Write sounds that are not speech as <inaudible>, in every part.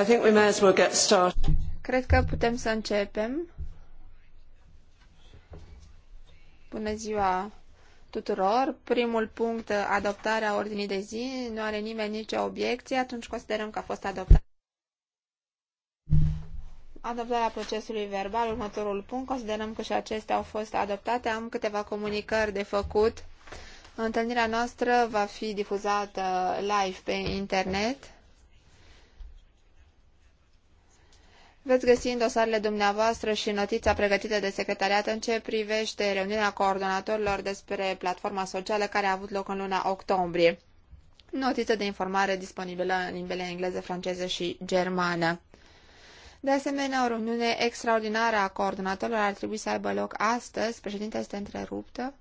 I think we may as well get started. Cred că putem să începem. Bună ziua tuturor. Primul punct, adoptarea ordinii de zi. Nu are nimeni nicio obiecție, atunci considerăm că a fost adoptat. Adoptarea procesului verbal, următorul punct, considerăm că și acestea au fost adoptate. Am câteva comunicări de făcut. Întâlnirea noastră va fi difuzată live pe internet Veți găsi în dosarele dumneavoastră și notița pregătită de secretariat în ce privește reuniunea coordonatorilor despre platforma socială care a avut loc în luna octombrie. Notiță de informare disponibilă în limbele engleză, franceză și germană. De asemenea, o reuniune extraordinară a coordonatorilor ar trebui să aibă loc astăzi. Președinta este întreruptă.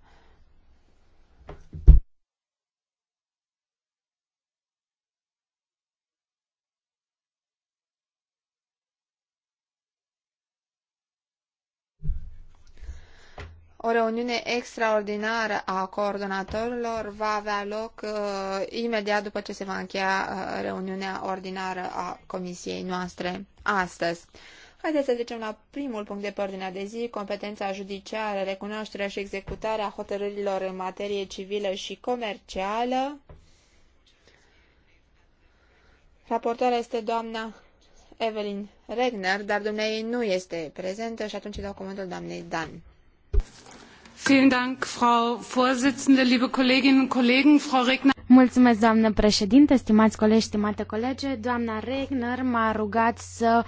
O reuniune extraordinară a coordonatorilor va avea loc uh, imediat după ce se va încheia uh, reuniunea ordinară a comisiei noastre astăzi. Haideți să trecem la primul punct de pe ordinea de zi, competența judiciară, recunoașterea și executarea hotărârilor în materie civilă și comercială. Raportoarea este doamna Evelyn Regner, dar dumneai nu este prezentă și atunci dau cuvântul doamnei Dan. Vielen Dank, Frau Vorsitzende, liebe Kolleginnen und Kollegen, Frau Regner. Mulțumesc, doamnă președinte, stimați colegi, stimate colege. Doamna Regner m-a rugat să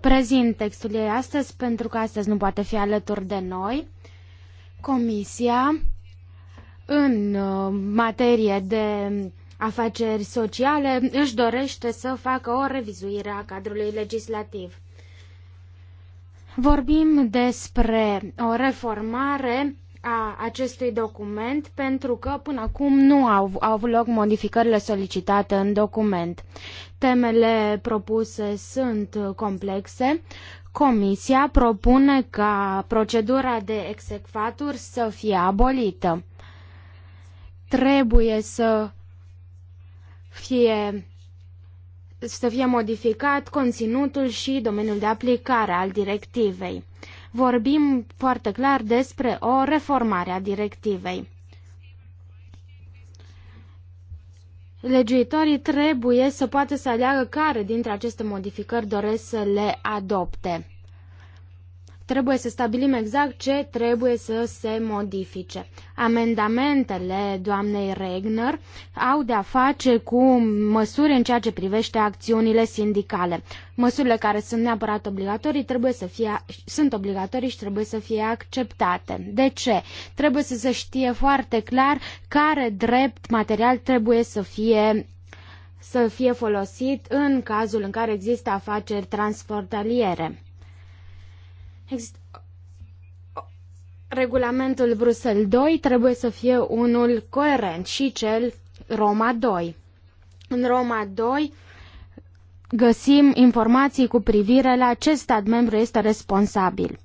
prezint textul ei astăzi, pentru că astăzi nu poate fi alături de noi. Comisia, în uh, materie de afaceri sociale, își dorește să facă o revizuire a cadrului legislativ. Vorbim despre o reformare a acestui document pentru că până acum nu au, au avut loc modificările solicitate în document. Temele propuse sunt complexe. Comisia propune ca procedura de execfaturi să fie abolită. Trebuie să fie să fie modificat conținutul și domeniul de aplicare al directivei vorbim foarte clar despre o reformare a directivei. Legiuitorii trebuie să poată să aleagă care dintre aceste modificări doresc să le adopte. Trebuie să stabilim exact ce trebuie să se modifice. Amendamentele doamnei Regner au de-a face cu măsuri în ceea ce privește acțiunile sindicale. Măsurile care sunt neapărat obligatorii trebuie să fie, sunt obligatorii și trebuie să fie acceptate. De ce? Trebuie să se știe foarte clar care drept material trebuie să fie să fie folosit în cazul în care există afaceri transfrontaliere. Exist regulamentul Bruxelles 2 trebuie să fie unul coerent și cel Roma 2. În Roma 2 găsim informații cu privire la ce stat membru este responsabil.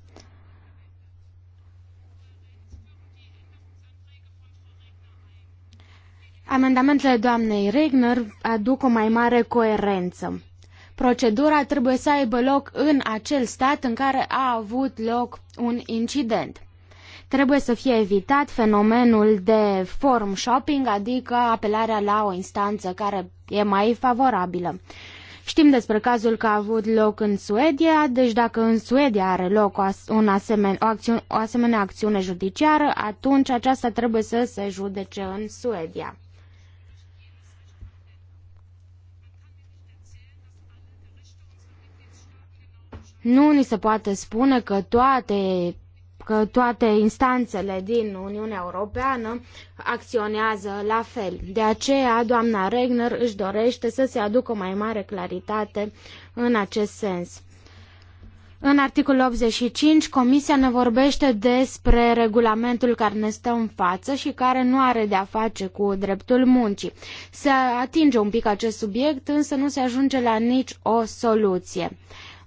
Amendamentele doamnei Regner aduc o mai mare coerență. Procedura trebuie să aibă loc în acel stat în care a avut loc un incident. Trebuie să fie evitat fenomenul de form shopping, adică apelarea la o instanță care e mai favorabilă. Știm despre cazul că a avut loc în Suedia, deci dacă în Suedia are loc o, un asemen, o, acțiune, o asemenea acțiune judiciară, atunci aceasta trebuie să se judece în Suedia. Nu ni se poate spune că toate că toate instanțele din Uniunea Europeană acționează la fel. De aceea, doamna Regner își dorește să se aducă mai mare claritate în acest sens. În articolul 85, Comisia ne vorbește despre regulamentul care ne stă în față și care nu are de-a face cu dreptul muncii. Se atinge un pic acest subiect, însă nu se ajunge la nici o soluție.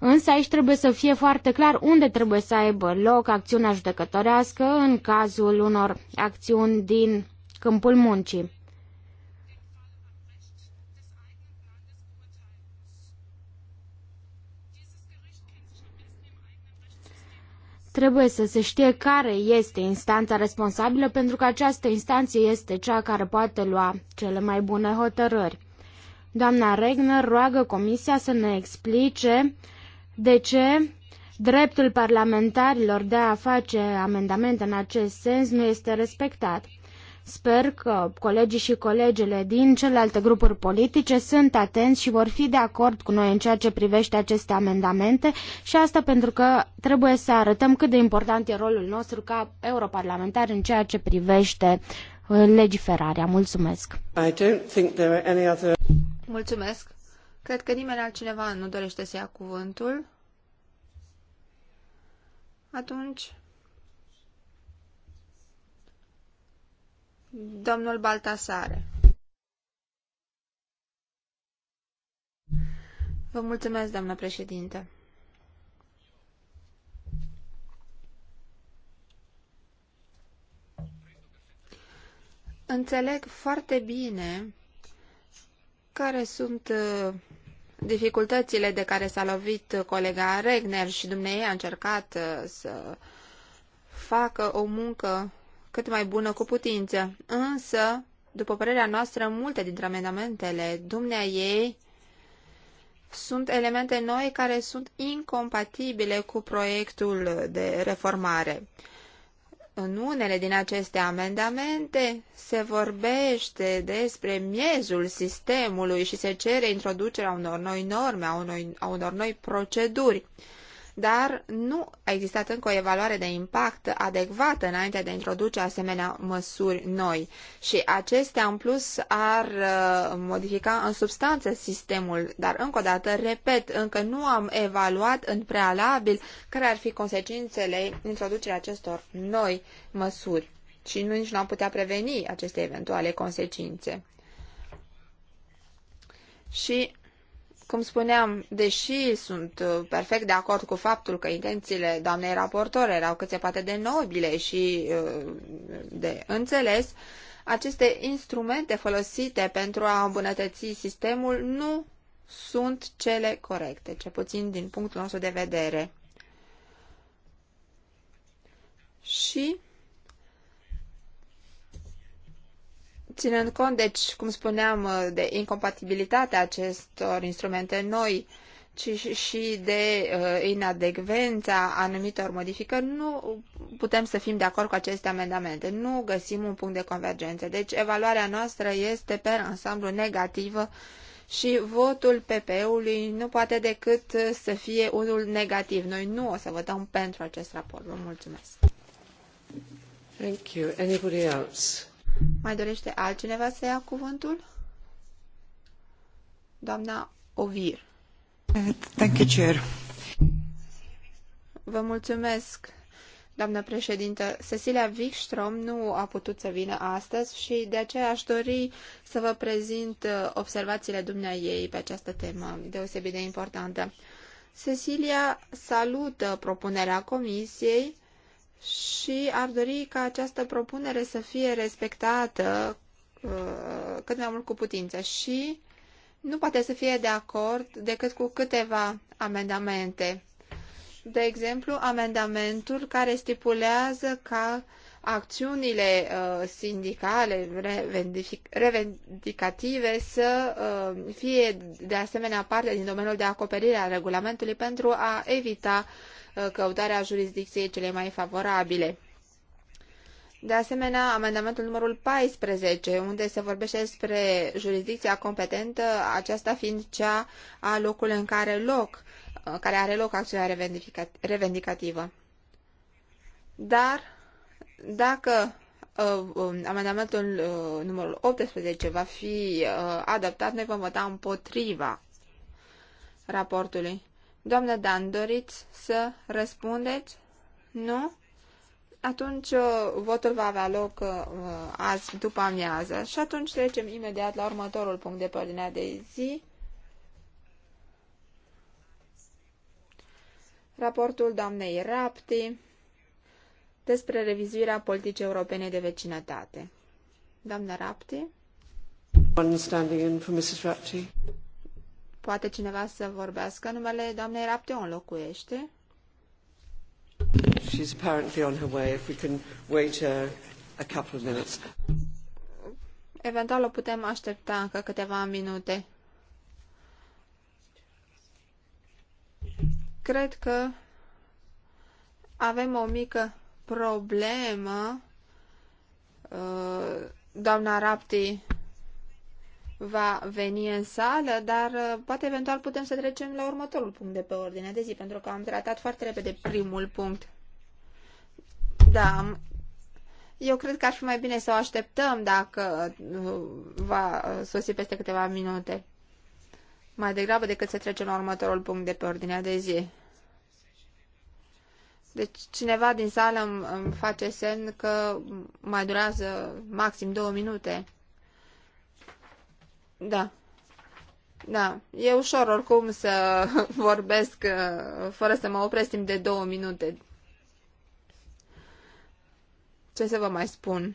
Însă aici trebuie să fie foarte clar unde trebuie să aibă loc acțiunea judecătorească în cazul unor acțiuni din câmpul muncii. Trebuie să se știe care este instanța responsabilă pentru că această instanță este cea care poate lua cele mai bune hotărâri. Doamna Regner roagă Comisia să ne explice de ce? Dreptul parlamentarilor de a face amendamente în acest sens nu este respectat. Sper că colegii și colegele din celelalte grupuri politice sunt atenți și vor fi de acord cu noi în ceea ce privește aceste amendamente și asta pentru că trebuie să arătăm cât de important e rolul nostru ca europarlamentar în ceea ce privește uh, legiferarea. Mulțumesc! Mulțumesc! Cred că nimeni altcineva nu dorește să ia cuvântul. Atunci, domnul Baltasare. Vă mulțumesc, doamnă președinte. Înțeleg foarte bine care sunt uh, dificultățile de care s-a lovit colega Regner și dumneavoastră a încercat uh, să facă o muncă cât mai bună cu putință. Însă, după părerea noastră, multe dintre amendamentele dumnea ei sunt elemente noi care sunt incompatibile cu proiectul de reformare. În unele din aceste amendamente se vorbește despre miezul sistemului și se cere introducerea unor noi norme, a, unor, noi proceduri. Uh, dar nu a existat încă o evaluare de impact adecvată înainte de a introduce asemenea măsuri noi și acestea în plus ar uh, modifica în substanță sistemul, dar încă o dată, repet, încă nu am evaluat în prealabil care ar fi consecințele introducerii acestor noi măsuri și nu nici nu am putea preveni aceste eventuale consecințe. Și cum spuneam, deși sunt uh, perfect de acord cu faptul că intențiile doamnei raportor erau cât se poate de nobile și uh, de înțeles, aceste instrumente folosite pentru a îmbunătăți sistemul nu sunt cele corecte, ce puțin din punctul nostru de vedere. Și Ținând cont, deci, cum spuneam, uh, de incompatibilitatea acestor instrumente noi, ci și de uh, inadecvența anumitor modificări, nu putem să fim de acord cu aceste amendamente. Nu găsim un punct de convergență. Deci, evaluarea noastră este pe ansamblu negativă și votul PP-ului nu poate decât să fie unul negativ. Noi nu o să votăm pentru acest raport. Vă mulțumesc. Thank you. Anybody else? Mai dorește altcineva să ia cuvântul? Doamna Ovir. Thank you, Chair. Vă mulțumesc, doamnă președintă. Cecilia Wikström nu a putut să vină astăzi și de aceea aș dori să vă prezint uh, observațiile ei pe această temă deosebit de importantă. Cecilia salută propunerea comisiei și ar dori ca această propunere să fie respectată uh, cât mai mult cu putință și nu poate să fie de acord decât cu câteva amendamente. De exemplu, amendamentul care stipulează ca acțiunile uh, sindicale revendicative să uh, fie de asemenea parte din domeniul de acoperire a regulamentului pentru a evita uh, Uh, căutarea jurisdicției cele mai favorabile. De asemenea, amendamentul numărul 14, unde se vorbește despre jurisdicția competentă, aceasta fiind cea a locului în care loc, uh, care are loc acțiunea revendicativă. Dar, dacă uh, um, amendamentul numărul 18 va fi adaptat noi vom vota împotriva raportului. Doamnă Dan, doriți să răspundeți? Nu? Atunci uh, votul va avea loc uh, azi după amiază și atunci trecem imediat la următorul punct de pe ordinea de zi. Raportul doamnei Rapti despre revizuirea politicii europene de vecinătate. Doamna Rapti? One standing in for Mrs. Rapti. Poate cineva să vorbească numele doamnei Rapte o înlocuiește? She's apparently on her way. If we can wait a, a couple of minutes. Eventual o putem aștepta încă câteva minute. Cred că avem o mică problemă. Uh, doamna Rapti va veni în sală, dar uh, poate eventual putem să trecem la următorul punct de pe ordine de zi, pentru că am tratat foarte repede primul punct. Da, eu cred că ar fi mai bine să o așteptăm dacă uh, va uh, sosi peste câteva minute. Mai degrabă decât să trecem la următorul punct de pe ordinea de zi. Deci cineva din sală îmi, face semn că mai durează maxim două minute. Da. Da, e ușor oricum să <laughs> vorbesc uh, fără să mă opresc timp de două minute. Ce să vă mai spun?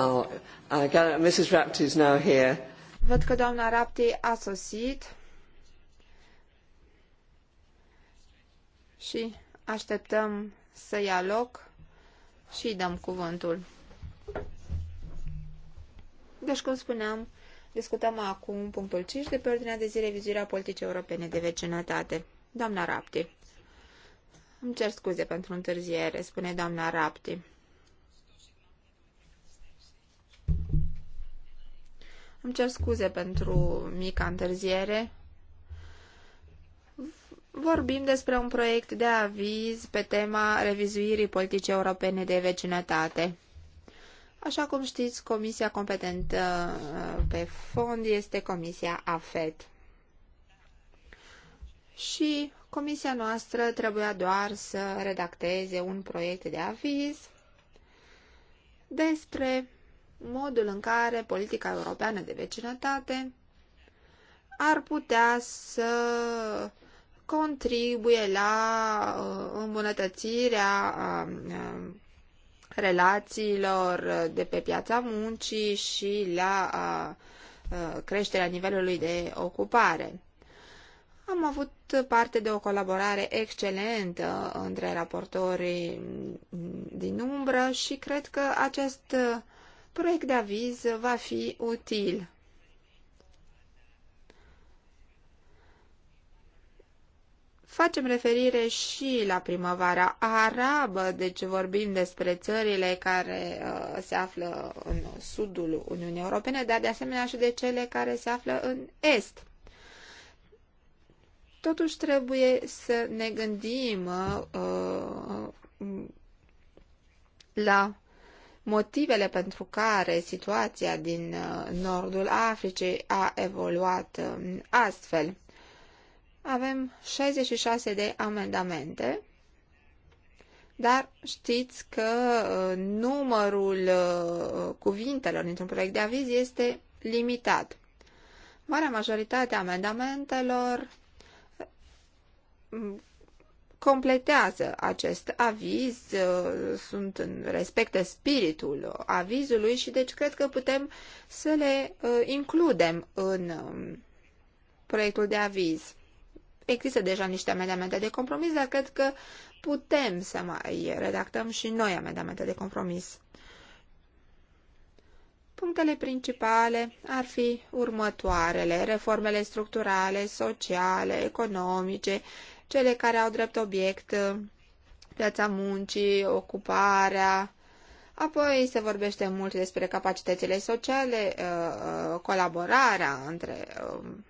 Oh, Văd că doamna Rapti a sosit și așteptăm să ia loc și îi dăm cuvântul. Deci, cum spuneam, discutăm acum punctul 5 de pe ordinea de zi revizuirea politicii europene de vecinătate. Doamna Rapti. Îmi cer scuze pentru întârziere, spune doamna Rapti. Îmi cer scuze pentru mica întârziere. Vorbim despre un proiect de aviz pe tema revizuirii politicii europene de vecinătate. Așa cum știți, comisia competentă uh, pe fond este Comisia AFET. Și comisia noastră trebuia doar să redacteze un proiect de aviz despre modul în care politica europeană de vecinătate ar putea să contribuie la uh, îmbunătățirea um, um, relațiilor de pe piața muncii și la uh, creșterea nivelului de ocupare. Am avut parte de o colaborare excelentă între raportorii din umbră și cred că acest proiect de aviz va fi util. Facem referire și la primăvara arabă, deci vorbim despre țările care uh, se află în sudul Uniunii Europene, dar de asemenea și de cele care se află în est. Totuși trebuie să ne gândim uh, uh la motivele pentru care situația din uh, nordul Africii a evoluat uh, astfel. Avem 66 de amendamente, dar știți că uh, numărul cuvintelor dintr-un proiect de aviz este limitat. Marea majoritate a amendamentelor completează acest aviz, uh, sunt în, respectă spiritul avizului și deci cred că putem să le uh, includem în um, proiectul de aviz. Există deja niște amendamente de compromis, dar cred că putem să mai redactăm și noi amendamente de compromis. Punctele principale ar fi următoarele, reformele structurale, sociale, economice, cele care au drept obiect uh, piața muncii, ocuparea, Apoi se vorbește mult despre capacitățile sociale, uh, uh, colaborarea între um,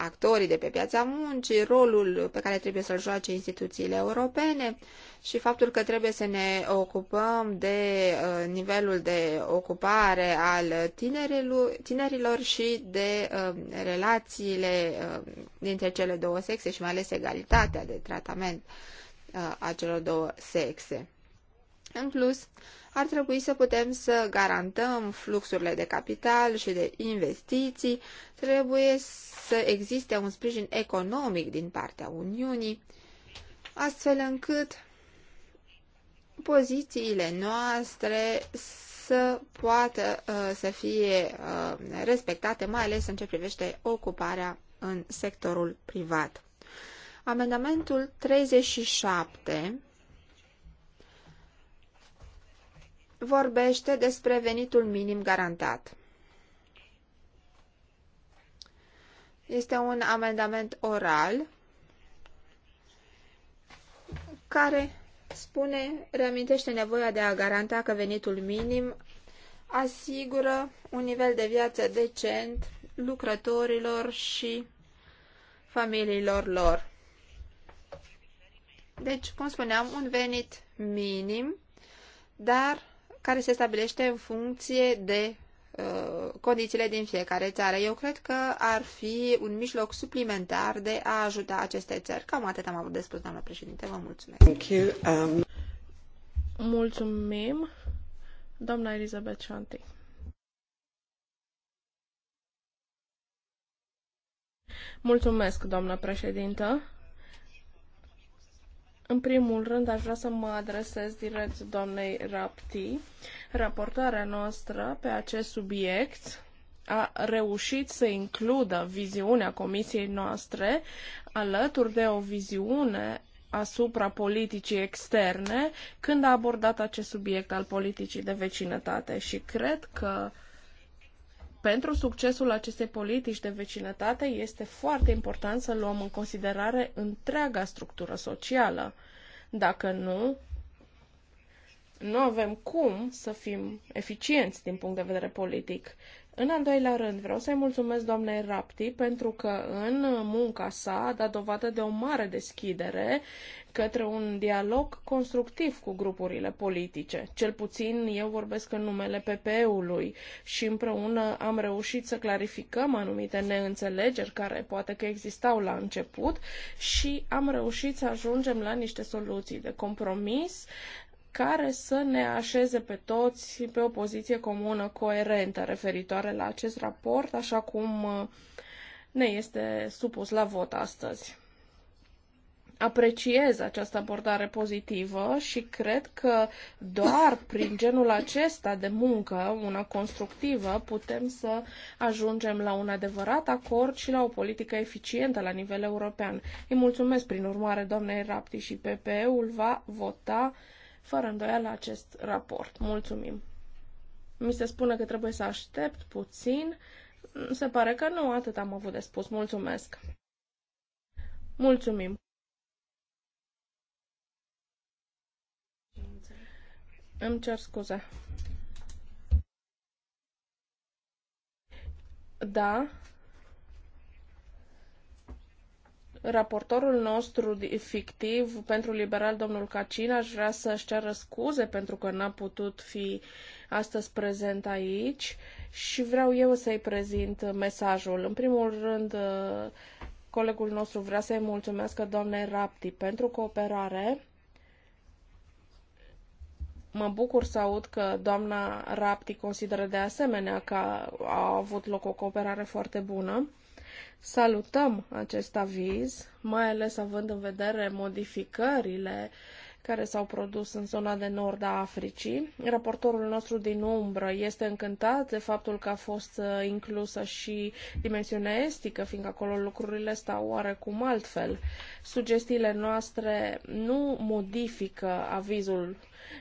actorii de pe piața muncii, rolul pe care trebuie să-l joace instituțiile europene și faptul că trebuie să ne ocupăm de uh, nivelul de ocupare al tinerilor și de uh, relațiile uh, dintre cele două sexe și mai ales egalitatea de tratament a celor două sexe. În plus, ar trebui să putem să garantăm fluxurile de capital și de investiții, trebuie să existe un sprijin economic din partea Uniunii, astfel încât pozițiile noastre să poată uh, să fie uh, respectate, mai ales în ce privește ocuparea în sectorul privat. Amendamentul 37 vorbește despre venitul minim garantat. Este un amendament oral care spune, reamintește nevoia de a garanta că venitul minim asigură un nivel de viață decent lucrătorilor și familiilor lor. Deci, cum spuneam, un venit minim, dar care se stabilește în funcție de uh, condițiile din fiecare țară. Eu cred că ar fi un mijloc suplimentar de a ajuta aceste țări. Cam atât am avut de spus, doamnă președinte. Vă mulțumesc. Thank you. Um... Mulțumim, doamna Elizabeth Shanti. Mulțumesc, doamnă președintă. În primul rând, aș vrea să mă adresez direct doamnei Rapti. Raportarea noastră pe acest subiect a reușit să includă viziunea comisiei noastre alături de o viziune asupra politicii externe când a abordat acest subiect al politicii de vecinătate și cred că uh, pentru succesul acestei politici de vecinătate este foarte important să luăm în considerare întreaga structură socială. Dacă nu, nu avem cum să fim eficienți din punct de vedere politic în al doilea rând, vreau să-i mulțumesc doamnei Rapti pentru că în munca sa a dat dovadă de o mare deschidere către un dialog constructiv cu grupurile politice. Cel puțin eu vorbesc în numele PPE-ului și împreună am reușit să clarificăm anumite neînțelegeri care poate că existau la început și am reușit să ajungem la niște soluții de compromis care să ne așeze pe toți pe o poziție comună coerentă referitoare la acest raport, așa cum uh, ne este supus la vot astăzi. Apreciez această abordare pozitivă și cred că doar prin genul acesta de muncă, una constructivă, putem să ajungem la un adevărat acord și la o politică eficientă la nivel european. Îi mulțumesc prin urmare doamnei Rapti și PPE-ul va vota uh, fără îndoială acest raport. Mulțumim! Mi se spune că trebuie să aștept puțin. Se pare că nu atât am avut de spus. Mulțumesc! Mulțumim! Îmi cer scuze. Da, Raportorul nostru fictiv pentru liberal, domnul Cacin, aș vrea să-și ceară scuze pentru că n-a putut fi astăzi prezent aici și vreau eu să-i prezint mesajul. În primul rând, uh, colegul nostru vrea să-i mulțumesc doamnei Rapti pentru cooperare. Mă bucur să aud că doamna Rapti consideră de asemenea că a avut loc o cooperare foarte bună. Salutăm acest aviz, mai ales având în vedere modificările care s-au produs în zona de nord a Africii. Raportorul nostru din umbră este încântat de faptul că a fost uh, inclusă și dimensiunea estică, fiindcă acolo lucrurile stau oarecum altfel. Sugestiile noastre nu modifică avizul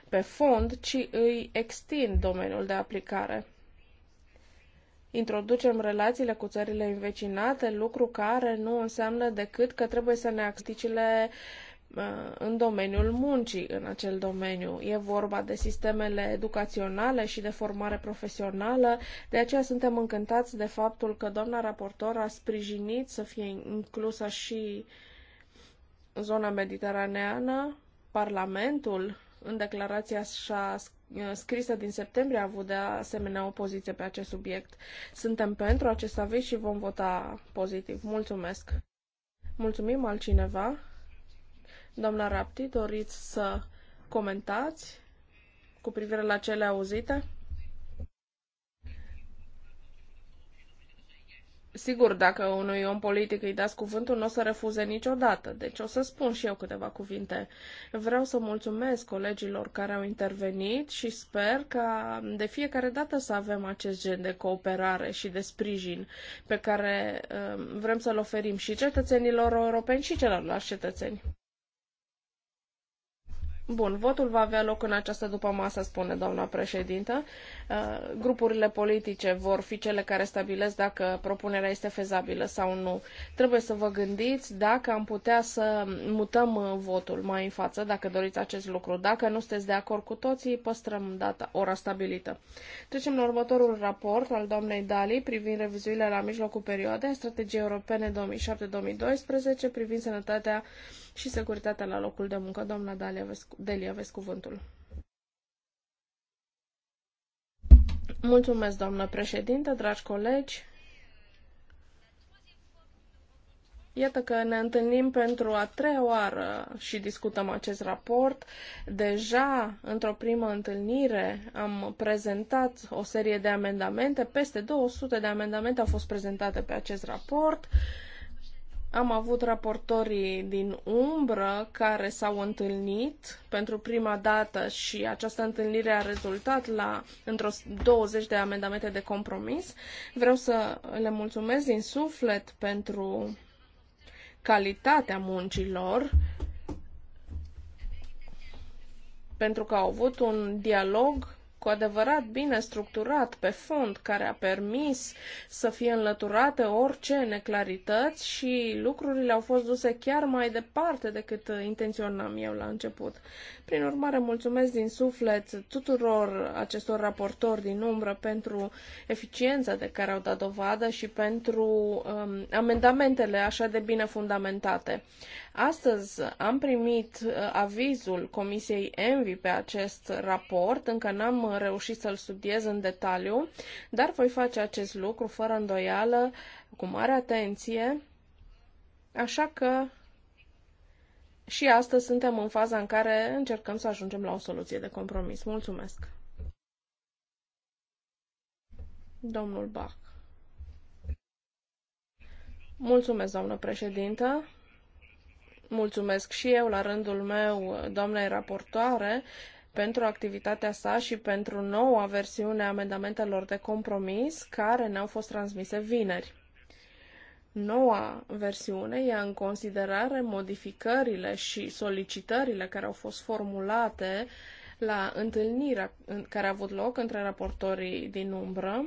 pe fond, ci îi extind domeniul de aplicare introducem relațiile cu țările învecinate, lucru care nu înseamnă decât că trebuie să ne acticile uh, în domeniul muncii, în acel domeniu. E vorba de sistemele educaționale și de formare profesională, de aceea suntem încântați de faptul că doamna raportor a sprijinit să fie inclusă și zona mediteraneană, Parlamentul în declarația sa Uh, scrisă din septembrie a avut de asemenea o poziție pe acest subiect. Suntem pentru acest aviz și vom vota pozitiv. Mulțumesc! Mulțumim altcineva. Doamna Rapti, doriți să comentați cu privire la cele auzite? Sigur, dacă unui om politic îi dați cuvântul, nu o să refuze niciodată, deci o să spun și eu câteva cuvinte. Vreau să mulțumesc colegilor care au intervenit și sper ca de fiecare dată să avem acest gen de cooperare și de sprijin pe care um, vrem să-l oferim și cetățenilor europeni și celorlalți cetățeni. Bun, votul va avea loc în această după masă, spune doamna președintă. Uh, grupurile politice vor fi cele care stabilesc dacă propunerea este fezabilă sau nu. Trebuie să vă gândiți dacă am putea să mutăm uh, votul mai în față, dacă doriți acest lucru. Dacă nu sunteți de acord cu toții, păstrăm data, ora stabilită. Trecem la următorul raport al doamnei Dali privind revizuirea la mijlocul perioadei strategiei europene 2007-2012 privind sănătatea și securitatea la locul de muncă. Doamna Dali, aveți Delia, aveți cuvântul. Mulțumesc, doamnă președinte, dragi colegi. Iată că ne întâlnim pentru a treia oară și discutăm acest raport. Deja, într-o primă întâlnire, am prezentat o serie de amendamente. Peste 200 de amendamente au fost prezentate pe acest raport. Uh, am avut raportorii din umbră care s-au întâlnit pentru prima dată și această întâlnire a rezultat la într-o 20 de amendamente de compromis. Vreau să le mulțumesc din suflet pentru calitatea muncilor, pentru că au avut un dialog cu adevărat bine structurat pe fond, care a permis să fie înlăturate orice neclarități și lucrurile au fost duse chiar mai departe decât intenționam eu la început. Prin urmare, mulțumesc din suflet tuturor acestor raportori din umbră pentru eficiența de care au dat dovadă și pentru um, amendamentele așa de bine fundamentate. Astăzi am primit uh, avizul Comisiei Envi pe acest raport, încă n-am reușit să-l studiez în detaliu, dar voi face acest lucru fără îndoială, cu mare atenție, așa că și astăzi suntem în faza în care încercăm să ajungem la o soluție de compromis. Mulțumesc! Domnul Bach. Mulțumesc, doamnă președintă. Mulțumesc și eu, la rândul meu, doamnei raportoare, pentru activitatea sa și pentru noua versiune a amendamentelor de compromis care ne-au fost transmise vineri. Noua versiune ia în considerare modificările și solicitările care au fost formulate la întâlnirea care a avut loc între raportorii din umbră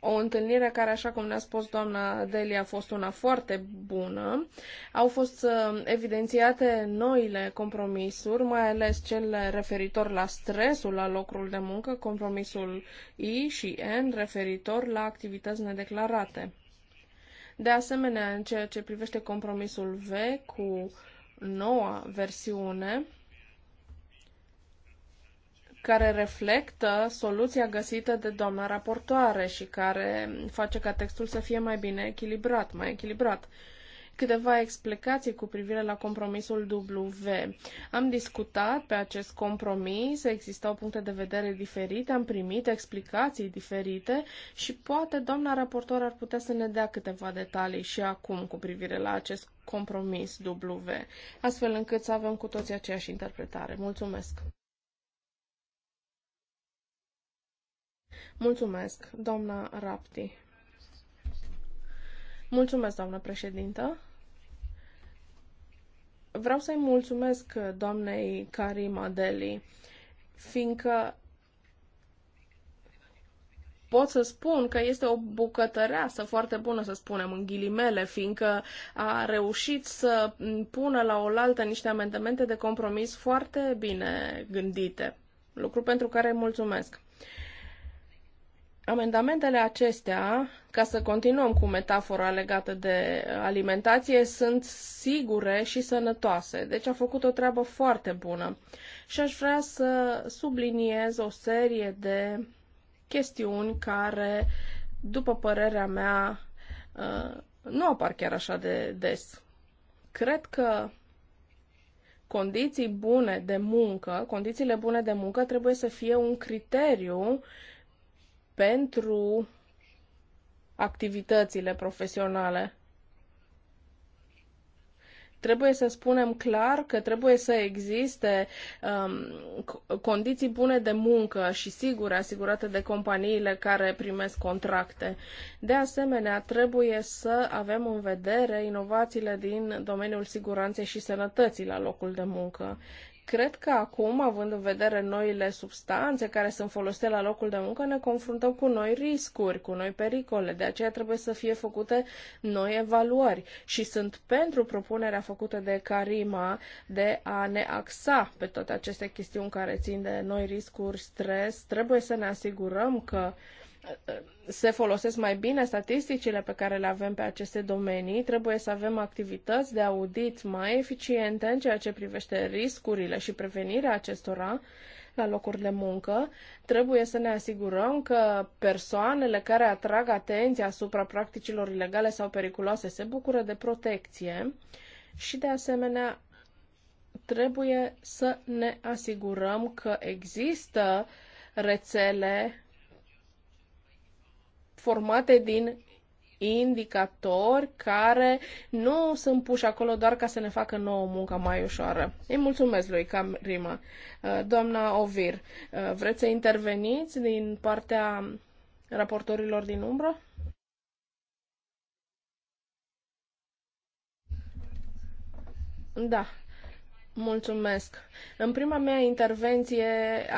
o întâlnire care, așa cum ne-a spus doamna Deli, a fost una foarte bună. Au fost uh, evidențiate noile compromisuri, mai ales cele referitor la stresul la locul de muncă, compromisul I și N referitor la activități nedeclarate. De asemenea, în ceea ce privește compromisul V cu noua versiune, care reflectă soluția găsită de doamna raportoare și care face ca textul să fie mai bine echilibrat, mai echilibrat câteva explicații cu privire la compromisul W. Am discutat pe acest compromis, existau puncte de vedere diferite, am primit explicații diferite și poate doamna raportor ar putea să ne dea câteva detalii și acum cu privire la acest compromis W, astfel încât să avem cu toții aceeași interpretare. Mulțumesc! Mulțumesc, doamna Rapti. Mulțumesc, doamnă președintă. Vreau să-i mulțumesc doamnei Karim Adeli, fiindcă pot să spun că este o bucătăreasă foarte bună, să spunem, în ghilimele, fiindcă a reușit să pună la oaltă niște amendamente de compromis foarte bine gândite, lucru pentru care îi mulțumesc. Amendamentele acestea, ca să continuăm cu metafora legată de alimentație, sunt sigure și sănătoase. Deci a făcut o treabă foarte bună. Și aș vrea să subliniez o serie de chestiuni care, după părerea mea, uh, nu apar chiar așa de des. Cred că condiții bune de muncă, condițiile bune de muncă trebuie să fie un criteriu pentru activitățile profesionale. Trebuie să spunem clar că trebuie să existe um, condiții bune de muncă și sigure asigurate de companiile care primesc contracte. De asemenea, trebuie să avem în vedere inovațiile din domeniul siguranței și sănătății la locul de muncă. Cred că acum, având în vedere noile substanțe care sunt folosite la locul de muncă, ne confruntăm cu noi riscuri, cu noi pericole. De aceea trebuie să fie făcute noi evaluări. Și sunt pentru propunerea făcută de Karima de a ne axa pe toate aceste chestiuni care țin de noi riscuri, stres. Trebuie să ne asigurăm că uh, se folosesc mai bine statisticile pe care le avem pe aceste domenii, trebuie să avem activități de audit mai eficiente în ceea ce privește riscurile și prevenirea acestora la locuri de muncă. Trebuie să ne asigurăm că persoanele care atrag atenția asupra practicilor ilegale sau periculoase se bucură de protecție și, de asemenea, trebuie să ne asigurăm că există rețele formate din indicatori care nu sunt puși acolo doar ca să ne facă nouă munca mai ușoară. Îi mulțumesc lui Cam Rima. Uh, doamna Ovir, uh, vreți să interveniți din partea raportorilor din umbră? Da, Mulțumesc. În prima mea intervenție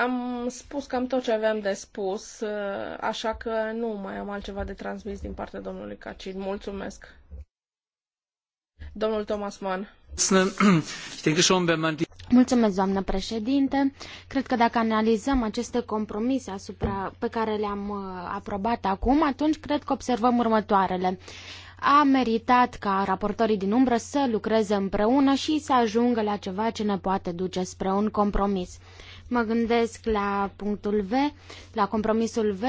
am spus cam tot ce aveam de spus, uh, așa că nu mai am altceva de transmis din partea domnului Cacin. Mulțumesc. Domnul Thomas Mann. Mulțumesc, doamnă președinte. Cred că dacă analizăm aceste compromise asupra pe care le-am uh, aprobat acum, atunci cred că observăm următoarele. Uh, a meritat ca raportorii din umbră să lucreze împreună și să ajungă la ceva ce ne poate duce spre un compromis. Mă gândesc la punctul V, la compromisul V,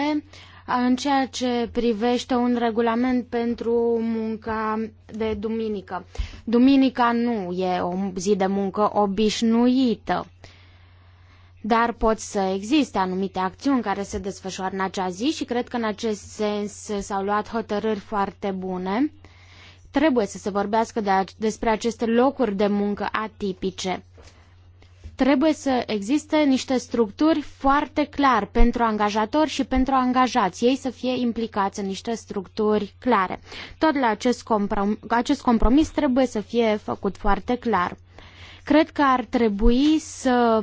în ceea ce privește un regulament pentru munca de duminică. Duminica nu e o zi de muncă obișnuită. Dar pot să existe anumite acțiuni care se desfășoară în acea zi și cred că în acest sens s-au luat hotărâri foarte bune. Trebuie să se vorbească de despre aceste locuri de muncă atipice trebuie să existe niște structuri foarte clar pentru angajatori și pentru angajați, ei să fie implicați în niște structuri clare. Tot la acest, comprom- acest compromis trebuie să fie făcut foarte clar. Cred că ar trebui să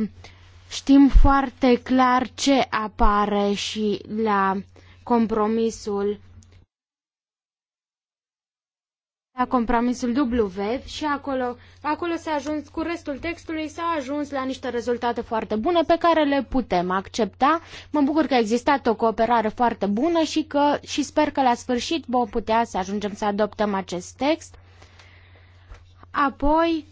Știm foarte clar ce apare și la compromisul la compromisul W și acolo, acolo s-a ajuns cu restul textului, s-a ajuns la niște rezultate foarte bune pe care le putem accepta. Mă bucur că a existat o cooperare foarte bună și, că, și sper că la sfârșit vom putea să ajungem să adoptăm acest text. Apoi,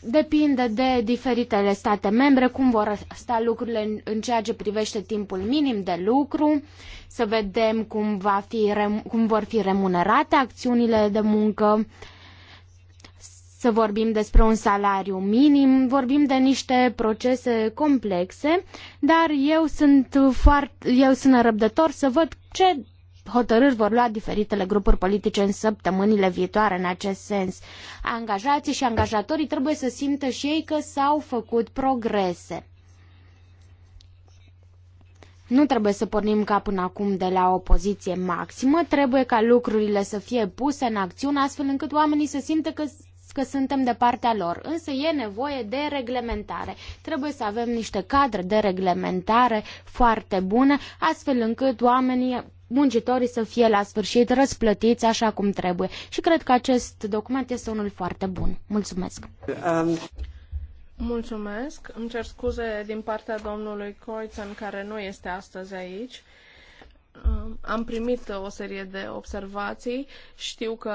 depinde de diferitele state membre, cum vor sta lucrurile în, în ceea ce privește timpul minim de lucru, să vedem cum, va fi, cum vor fi remunerate acțiunile de muncă, să vorbim despre un salariu minim, vorbim de niște procese complexe, dar eu sunt, foarte, eu sunt răbdător să văd ce hotărâri vor lua diferitele grupuri politice în săptămânile viitoare în acest sens. Angajații și angajatorii trebuie să simtă și ei că s-au făcut progrese. Nu trebuie să pornim ca până acum de la o poziție maximă, trebuie ca lucrurile să fie puse în acțiune astfel încât oamenii să simtă că că suntem de partea lor, însă e nevoie de reglementare. Trebuie să avem niște cadre de reglementare foarte bune, astfel încât oamenii muncitorii să fie la sfârșit răsplătiți așa cum trebuie. Și cred că acest document este unul foarte bun. Mulțumesc! Um... Mulțumesc! Îmi cer scuze din partea domnului Coitzen, care nu este astăzi aici. Um, am primit o serie de observații. Știu că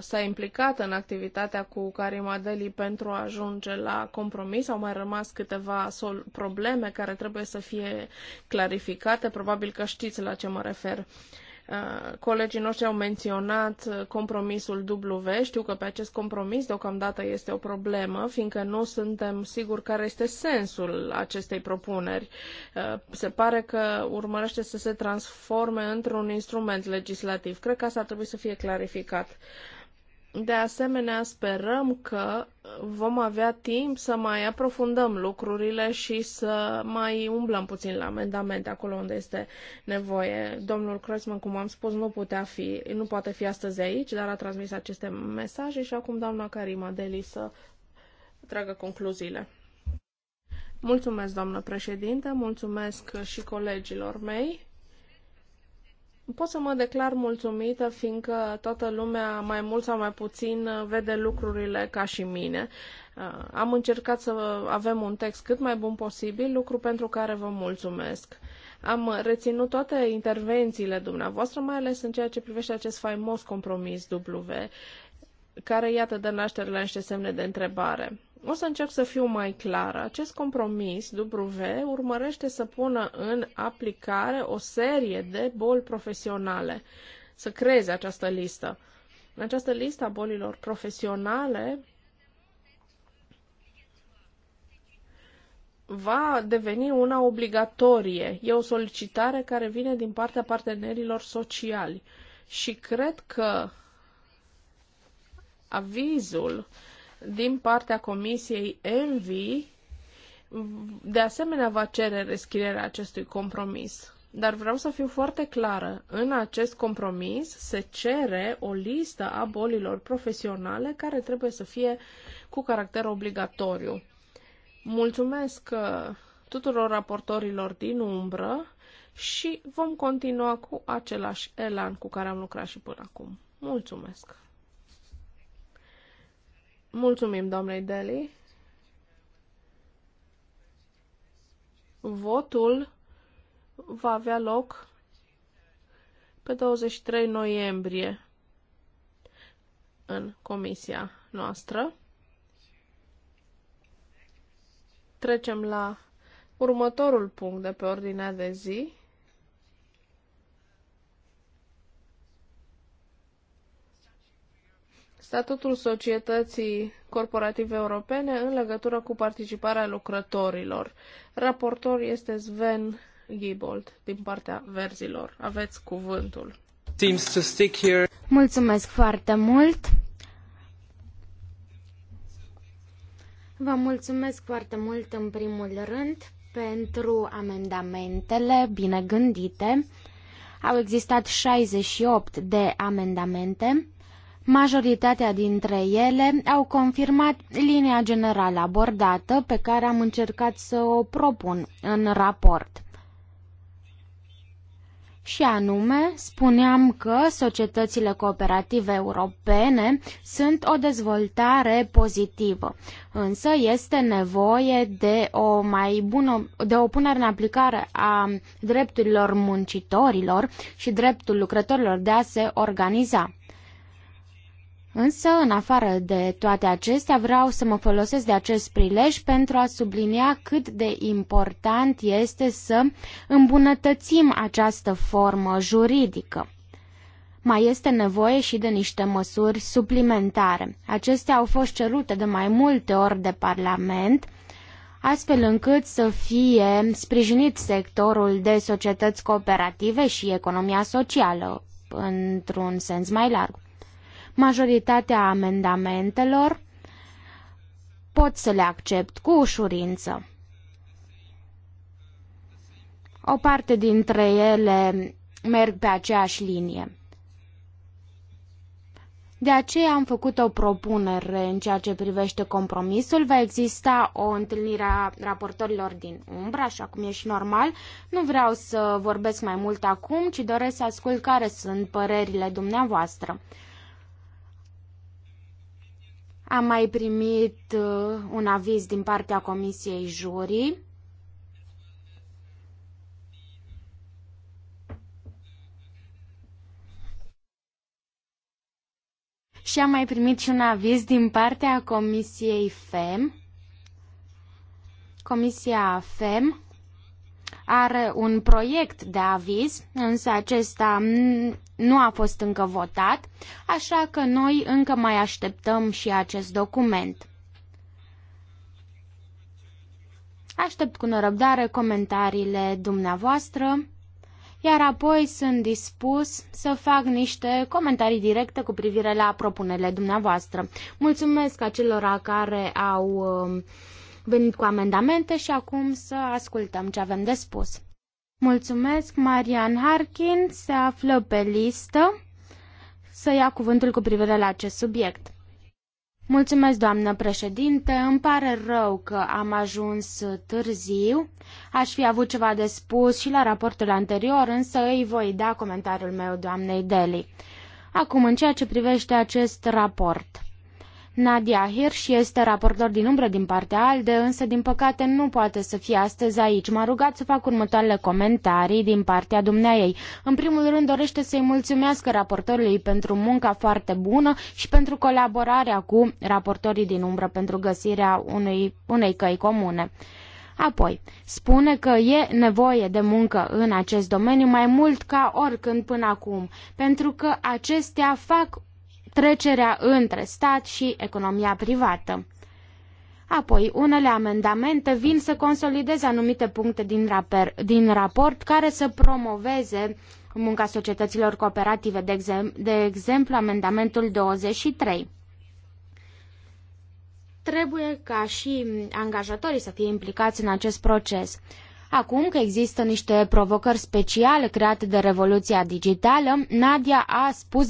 s-a implicat în activitatea cu Karim Adeli pentru a ajunge la compromis. Au mai rămas câteva probleme care trebuie să fie clarificate. Probabil că știți la ce mă refer. Uh, colegii noștri au menționat compromisul W. Știu că pe acest compromis deocamdată este o problemă, fiindcă nu suntem siguri care este sensul acestei propuneri. Uh, se pare că urmărește să se transforme într-un instrument legislativ. Cred că asta ar trebui să fie clarificat. De asemenea, sperăm că vom avea timp să mai aprofundăm lucrurile și să mai umblăm puțin la amendamente acolo unde este nevoie. Domnul Crăsman, cum am spus, nu, putea fi, nu poate fi astăzi aici, dar a transmis aceste mesaje și acum doamna Karima Deli să tragă concluziile. Mulțumesc, doamnă președinte, mulțumesc și colegilor mei pot să mă declar mulțumită, fiindcă toată lumea, mai mult sau mai puțin, vede lucrurile ca și mine. Uh, am încercat să avem un text cât mai bun posibil, lucru pentru care vă mulțumesc. Am reținut toate intervențiile dumneavoastră, mai ales în ceea ce privește acest faimos compromis W, care, iată, dă naștere la niște semne de întrebare. O să încerc să fiu mai clară. Acest compromis W urmărește să pună în aplicare o serie de boli profesionale, să creeze această listă. În această listă a bolilor profesionale va deveni una obligatorie. E o solicitare care vine din partea partenerilor sociali. Și cred că avizul din partea Comisiei Envi, de asemenea va cere rescrierea acestui compromis. Dar vreau să fiu foarte clară. În acest compromis se cere o listă a bolilor profesionale care trebuie să fie cu caracter obligatoriu. Mulțumesc uh, tuturor raportorilor din umbră și vom continua cu același elan cu care am lucrat și până acum. Mulțumesc! Mulțumim, doamnei Deli. Votul va avea loc pe 23 noiembrie în comisia noastră. Trecem la următorul punct de pe ordinea de zi. statutul societății corporative europene în legătură cu participarea lucrătorilor. Raportor este Sven Giebold din partea verzilor. Aveți cuvântul. Seems to stick here. Mulțumesc foarte mult. Vă mulțumesc foarte mult în primul rând pentru amendamentele bine gândite. Au existat 68 de amendamente. Majoritatea dintre ele au confirmat linia generală abordată pe care am încercat să o propun în raport. Și anume, spuneam că societățile cooperative europene sunt o dezvoltare pozitivă, însă este nevoie de o mai bună, de o punere în aplicare a drepturilor muncitorilor și dreptul lucrătorilor de a se organiza. Însă, în afară de toate acestea, vreau să mă folosesc de acest prilej pentru a sublinia cât de important este să îmbunătățim această formă juridică. Mai este nevoie și de niște măsuri suplimentare. Acestea au fost cerute de mai multe ori de Parlament, astfel încât să fie sprijinit sectorul de societăți cooperative și economia socială, într-un sens mai larg. Majoritatea amendamentelor pot să le accept cu ușurință. O parte dintre ele merg pe aceeași linie. De aceea am făcut o propunere în ceea ce privește compromisul. Va exista o întâlnire a raportorilor din umbră, așa cum e și normal. Nu vreau să vorbesc mai mult acum, ci doresc să ascult care sunt părerile dumneavoastră. Am mai primit uh, un aviz din partea Comisiei juri Și am mai primit și un aviz din partea Comisiei FEM. Comisia FEM are un proiect de aviz, însă acesta nu a fost încă votat, așa că noi încă mai așteptăm și acest document. Aștept cu nerăbdare comentariile dumneavoastră, iar apoi sunt dispus să fac niște comentarii directe cu privire la propunerile dumneavoastră. Mulțumesc acelora care au um, venit cu amendamente și acum să ascultăm ce avem de spus. Mulțumesc, Marian Harkin se află pe listă să ia cuvântul cu privire la acest subiect. Mulțumesc, doamnă președinte, îmi pare rău că am ajuns târziu. Aș fi avut ceva de spus și la raportul anterior, însă îi voi da comentariul meu doamnei Deli. Acum, în ceea ce privește acest raport. Nadia Hirsch este raportor din umbră din partea ALDE, însă din păcate nu poate să fie astăzi aici. M-a rugat să fac următoarele comentarii din partea dumneaei. În primul rând dorește să-i mulțumească raportorului pentru munca foarte bună și pentru colaborarea cu raportorii din umbră pentru găsirea unui, unei căi comune. Apoi, spune că e nevoie de muncă în acest domeniu mai mult ca oricând până acum, pentru că acestea fac trecerea între stat și economia privată. Apoi, unele amendamente vin să consolideze anumite puncte din, raper, din raport care să promoveze munca societăților cooperative, de, exem- de exemplu amendamentul 23. Trebuie ca și angajatorii să fie implicați în acest proces. Acum că există niște provocări speciale create de revoluția digitală, Nadia a spus,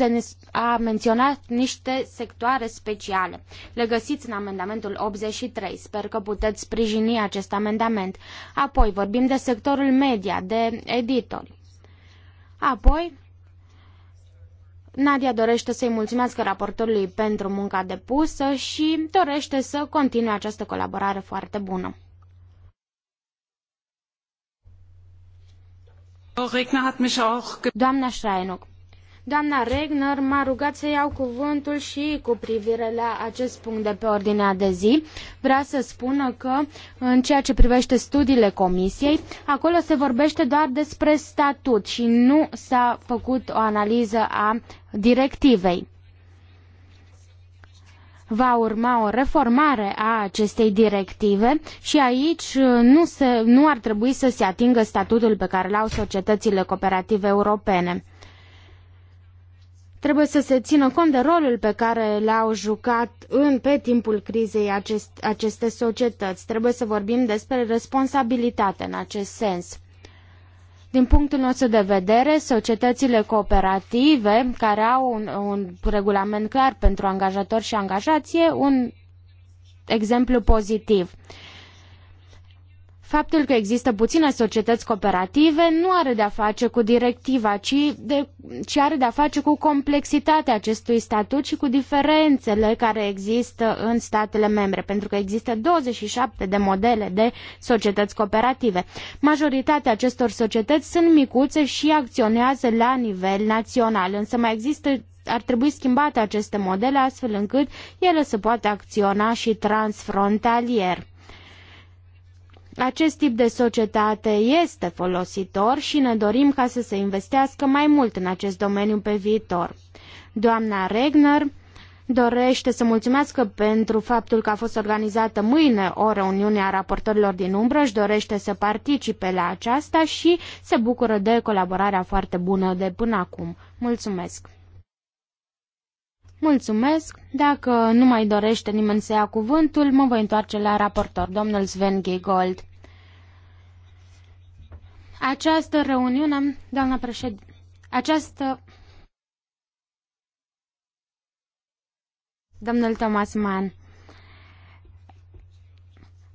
a menționat niște sectoare speciale. Le găsiți în amendamentul 83. Sper că puteți sprijini acest amendament. Apoi vorbim de sectorul media, de editori. Apoi, Nadia dorește să-i mulțumească raportorului pentru munca depusă și dorește să continue această colaborare foarte bună. Doamna Schreinoc, doamna Regner m-a rugat să iau cuvântul și cu privire la acest punct de pe ordinea de zi. vreau să spună că în ceea ce privește studiile comisiei, acolo se vorbește doar despre statut și nu s-a făcut o analiză a directivei va urma o reformare a acestei directive și aici uh, nu, se, nu ar trebui să se atingă statutul pe care l-au societățile cooperative europene. Trebuie să se țină cont de rolul pe care l-au jucat în, pe timpul crizei acest, aceste societăți. Trebuie să vorbim despre responsabilitate în acest sens. Din punctul nostru de vedere, societățile cooperative care au un, un regulament clar pentru angajatori și angajați un exemplu pozitiv. Uh, Faptul că există puține societăți cooperative nu are de-a face cu directiva, ci, de, ci are de-a face cu complexitatea acestui statut și cu diferențele care există în statele membre, pentru că există 27 de modele de societăți cooperative. Majoritatea acestor societăți sunt micuțe și acționează la nivel național, însă mai există ar trebui schimbate aceste modele astfel încât ele să poată acționa și transfrontalier. Acest tip de societate este folositor și ne dorim ca să se investească mai mult în acest domeniu pe viitor. Doamna Regner dorește să mulțumească pentru faptul că a fost organizată mâine o reuniune a raportorilor din umbră, își dorește să participe la aceasta și se bucură de colaborarea foarte bună de până acum. Mulțumesc! Mulțumesc. Dacă nu mai dorește nimeni să ia cuvântul, mă voi întoarce la raportor, domnul Sven Giegold. Această reuniune, doamna președinte, această... Domnul Thomas Mann.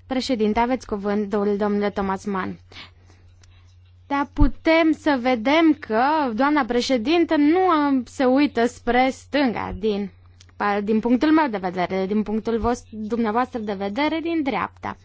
Președinte, aveți cuvântul, domnule Thomas Mann. Dar putem să vedem că doamna președintă nu se uită spre stânga din, din punctul meu de vedere, din punctul vostru, dumneavoastră de vedere, din dreapta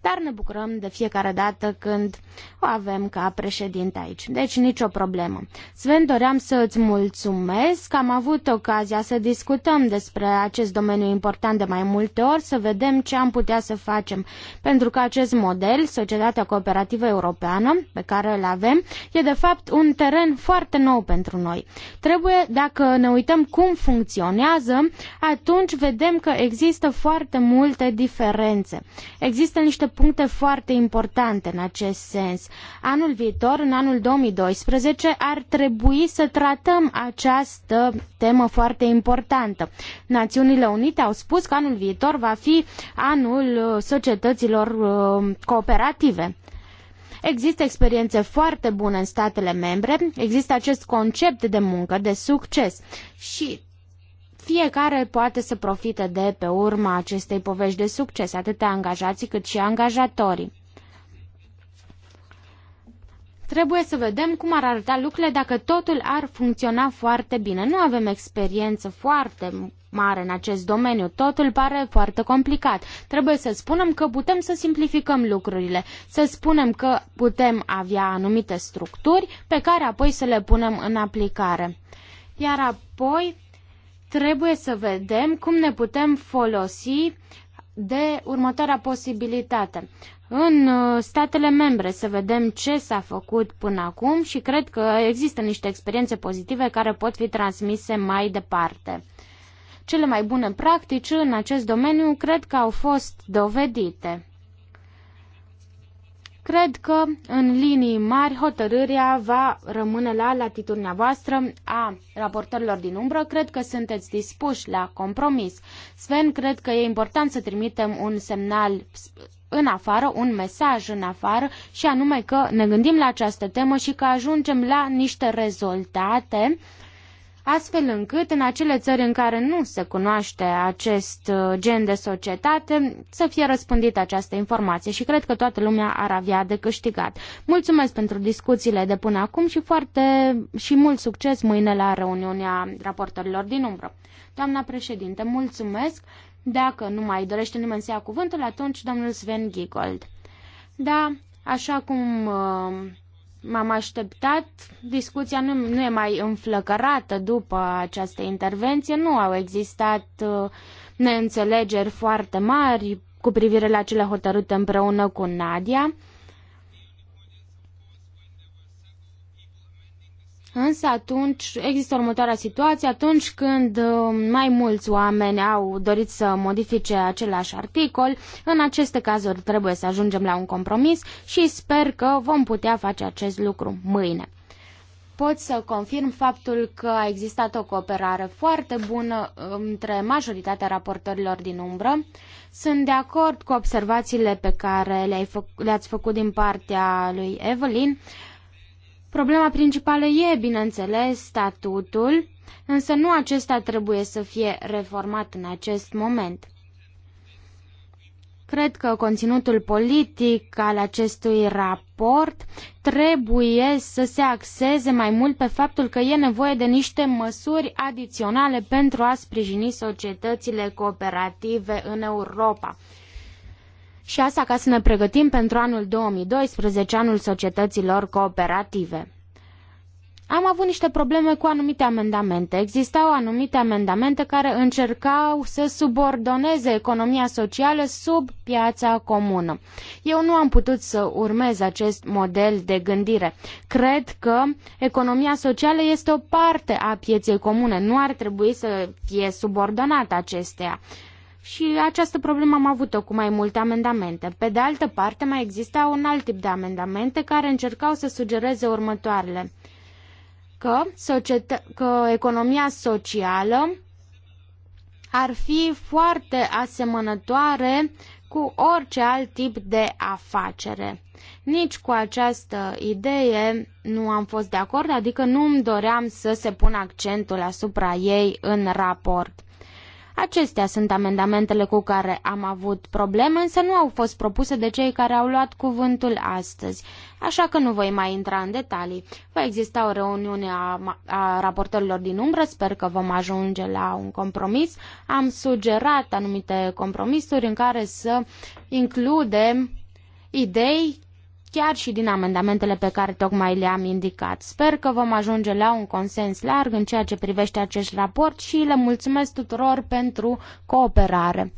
dar ne bucurăm de fiecare dată când o avem ca președinte aici. Deci nicio problemă. Sven, doream să îți mulțumesc. Am avut ocazia să discutăm despre acest domeniu important de mai multe ori, să vedem ce am putea să facem. Pentru că acest model, societatea cooperativă europeană, pe care îl avem, e de fapt un teren foarte nou pentru noi. Trebuie, dacă ne uităm cum funcționează, atunci vedem că există foarte multe diferențe. Există niște niște puncte foarte importante în acest sens. Anul viitor, în anul 2012, ar trebui să tratăm această temă foarte importantă. Națiunile Unite au spus că anul viitor va fi anul uh, societăților uh, cooperative. Există experiențe foarte bune în statele membre, există acest concept de muncă, de succes și fiecare poate să profite de pe urma acestei povești de succes, atât angajații cât și angajatorii. Trebuie să vedem cum ar arăta lucrurile dacă totul ar funcționa foarte bine. Nu avem experiență foarte mare în acest domeniu. Totul pare foarte complicat. Trebuie să spunem că putem să simplificăm lucrurile, să spunem că putem avea anumite structuri pe care apoi să le punem în aplicare. Iar apoi trebuie să vedem cum ne putem folosi de următoarea posibilitate. În uh, statele membre să vedem ce s-a făcut până acum și cred că există niște experiențe pozitive care pot fi transmise mai departe. Cele mai bune practici în acest domeniu cred că au fost dovedite. Cred că, în linii mari, hotărârea va rămâne la latitudinea voastră a raportărilor din umbră. Cred că sunteți dispuși la compromis. Sven, cred că e important să trimitem un semnal în afară, un mesaj în afară și anume că ne gândim la această temă și că ajungem la niște rezultate astfel încât în acele țări în care nu se cunoaște acest uh, gen de societate să fie răspândită această informație și cred că toată lumea ar avea de câștigat. Mulțumesc pentru discuțiile de până acum și foarte și mult succes mâine la reuniunea raportorilor din umbră. Doamna președinte, mulțumesc. Dacă nu mai dorește nimeni să ia cuvântul, atunci domnul Sven Giegold. Da, așa cum uh, m-am așteptat, discuția nu, nu e mai înflăcărată după această intervenție, nu au existat uh, neînțelegeri foarte mari cu privire la cele hotărâte împreună cu Nadia. Însă atunci există următoarea situație, atunci când um, mai mulți oameni au dorit să modifice același articol, în aceste cazuri trebuie să ajungem la un compromis și sper că vom putea face acest lucru mâine. Pot să confirm faptul că a existat o cooperare foarte bună um, între majoritatea raportorilor din umbră. Sunt de acord cu observațiile pe care le-ați făcut din partea lui Evelyn Problema principală e, bineînțeles, statutul, însă nu acesta trebuie să fie reformat în acest moment. Cred că conținutul politic al acestui raport trebuie să se axeze mai mult pe faptul că e nevoie de niște măsuri adiționale pentru a sprijini societățile cooperative în Europa și asta ca să ne pregătim pentru anul 2012, anul societăților cooperative. Am avut niște probleme cu anumite amendamente. Existau anumite amendamente care încercau să subordoneze economia socială sub piața comună. Eu nu am putut să urmez acest model de gândire. Cred că economia socială este o parte a pieței comune. Nu ar trebui să fie subordonată acesteia. Și această problemă am avut-o cu mai multe amendamente. Pe de altă parte, mai exista un alt tip de amendamente care încercau să sugereze următoarele. Că, că economia socială ar fi foarte asemănătoare cu orice alt tip de afacere. Nici cu această idee nu am fost de acord, adică nu îmi doream să se pună accentul asupra ei în raport. Acestea sunt amendamentele cu care am avut probleme, însă nu au fost propuse de cei care au luat cuvântul astăzi, așa că nu voi mai intra în detalii. Va exista o reuniune a, a raportorilor din umbră, sper că vom ajunge la un compromis. Am sugerat anumite compromisuri în care să includem idei chiar și din amendamentele pe care tocmai le-am indicat. Sper că vom ajunge la un consens larg în ceea ce privește acest raport și le mulțumesc tuturor pentru cooperare.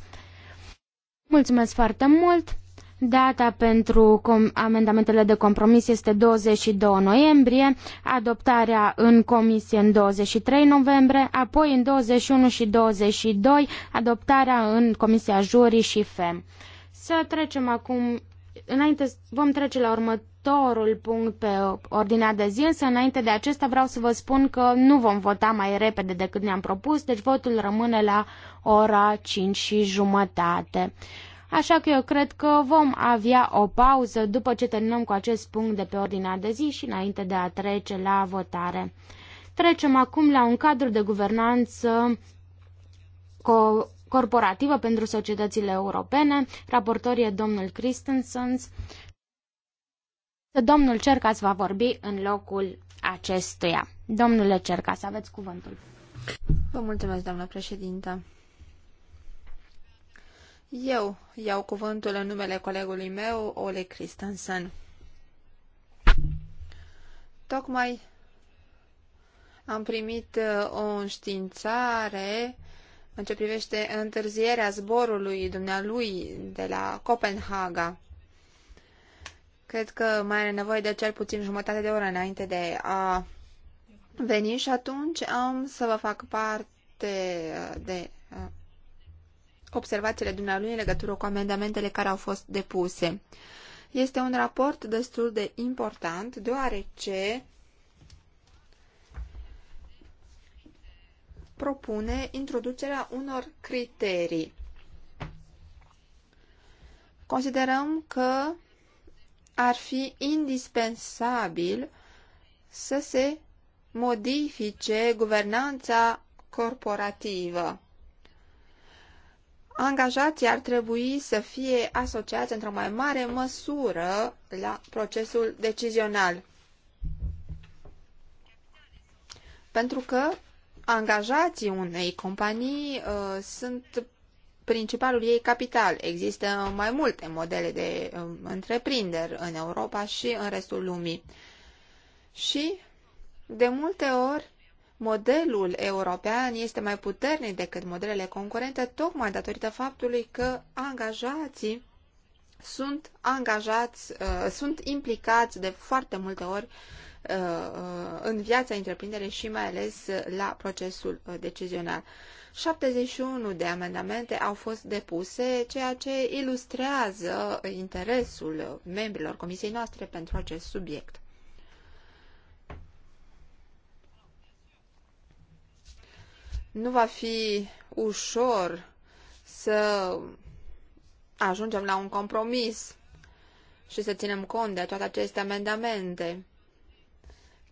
Mulțumesc foarte mult! Data pentru amendamentele de compromis este 22 noiembrie, adoptarea în comisie în 23 noiembrie, apoi în 21 și 22 adoptarea în comisia juri și FEM. Să trecem acum Înainte, vom trece la următorul punct pe ordinea de zi, însă înainte de acesta vreau să vă spun că nu vom vota mai repede decât ne-am propus, deci votul rămâne la ora 5 și jumătate. Așa că eu cred că vom avea o pauză după ce terminăm cu acest punct de pe ordinea de zi și înainte de a trece la votare. Trecem acum la un cadru de guvernanță cu corporativă pentru societățile europene. Raportor e domnul Christensen. Domnul Cercas va vorbi în locul acestuia. Domnule Cercas, aveți cuvântul. Vă mulțumesc, doamnă președintă. Eu iau cuvântul în numele colegului meu, Ole Christensen. Tocmai am primit uh, o înștiințare în ce privește întârzierea zborului dumnealui de la Copenhaga. Cred că mai are nevoie de cel puțin jumătate de oră înainte de a veni și atunci am să vă fac parte uh, de uh, observațiile dumnealui în legătură cu amendamentele care au fost depuse. Este un raport destul de important, deoarece propune introducerea unor criterii. Considerăm că ar fi indispensabil să se modifice guvernanța corporativă. Angajații ar trebui să fie asociați într-o mai mare măsură la procesul decizional. Pentru că angajații unei companii uh, sunt principalul ei capital. Există mai multe modele de uh, întreprinderi în Europa și în restul lumii. Și, de multe ori, modelul european este mai puternic decât modelele concurente, tocmai datorită faptului că angajații sunt angajați, uh, sunt implicați de foarte multe ori Uh, în viața întreprinderii și mai ales la procesul uh, decizional. 71 de amendamente au fost depuse, ceea ce ilustrează interesul membrilor comisiei noastre pentru acest subiect. Nu va fi ușor să ajungem la un compromis și să ținem cont de toate aceste amendamente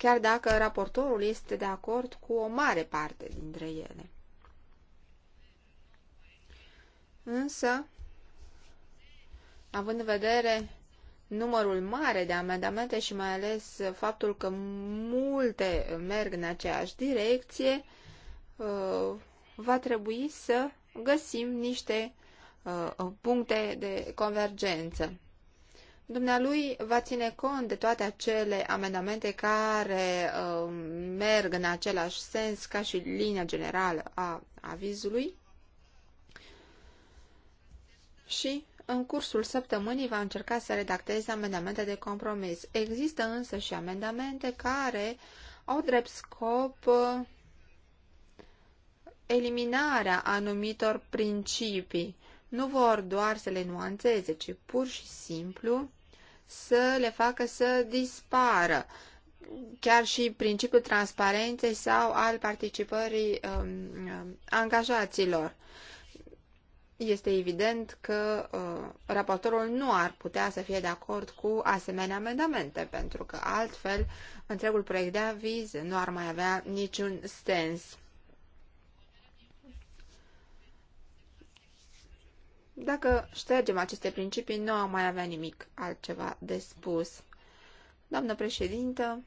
chiar dacă raportorul este de acord cu o mare parte dintre ele. Însă, având în vedere numărul mare de amendamente și mai ales faptul că multe merg în aceeași direcție, uh, va trebui să găsim niște uh, puncte de convergență. Dumnealui va ține cont de toate acele amendamente care uh, merg în același sens ca și linia generală a avizului și în cursul săptămânii va încerca să redacteze amendamente de compromis. Există însă și amendamente care au drept scop uh, eliminarea anumitor principii. Nu vor doar să le nuanțeze, ci pur și simplu să le facă să dispară. Chiar și principiul transparenței sau al participării um, um, angajaților. Este evident că uh, raportorul nu ar putea să fie de acord cu asemenea amendamente, pentru că altfel întregul proiect de aviz nu ar mai avea niciun sens. Dacă ștergem aceste principii, nu am mai avea nimic altceva de spus. Doamnă președintă,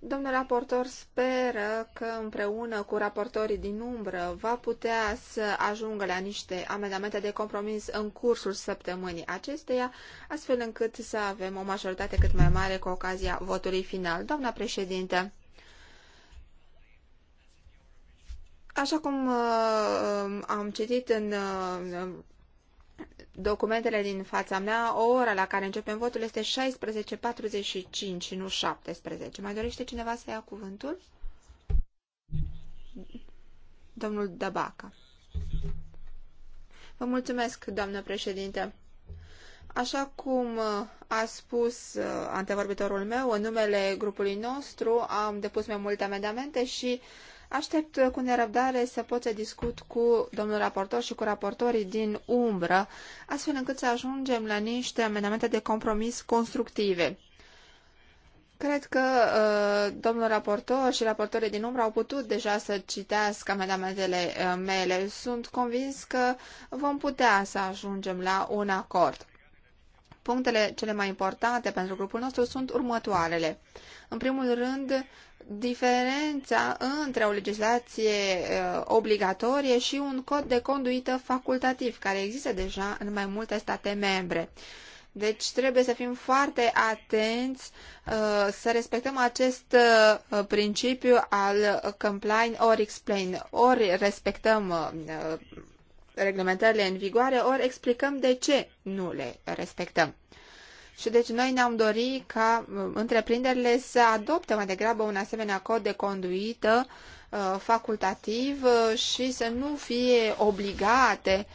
Domnul raportor speră că împreună cu raportorii din umbră va putea să ajungă la niște amendamente de compromis în cursul săptămânii acesteia, astfel încât să avem o majoritate cât mai mare cu ocazia votului final. Doamna președinte, Așa cum uh, uh, am citit în uh, documentele din fața mea, o ora la care începem votul este 16.45 și nu 17. Mai dorește cineva să ia cuvântul? Domnul Dabaca. Vă mulțumesc, doamnă președinte. Așa cum uh, a spus uh, antevorbitorul meu, în numele grupului nostru am depus mai multe amendamente și uh, Aștept cu nerăbdare să pot să discut cu domnul raportor și cu raportorii din umbră, astfel încât să ajungem la niște amendamente de compromis constructive. Cred că uh, domnul raportor și raportorii din umbră au putut deja să citească amendamentele uh, mele. Sunt convins că vom putea să ajungem la un acord. Punctele cele mai importante pentru grupul nostru sunt următoarele. În primul rând, diferența între o legislație uh, obligatorie și un cod de conduită facultativ, care există deja în mai multe state membre. Deci trebuie să fim foarte atenți uh, să respectăm acest uh, principiu al complain or explain. Ori respectăm reglementările în vigoare, ori explicăm de ce nu le respectăm. Și deci noi ne-am dorit ca uh, întreprinderile să adopte mai degrabă un asemenea cod de conduită uh, facultativ uh, și să nu fie obligate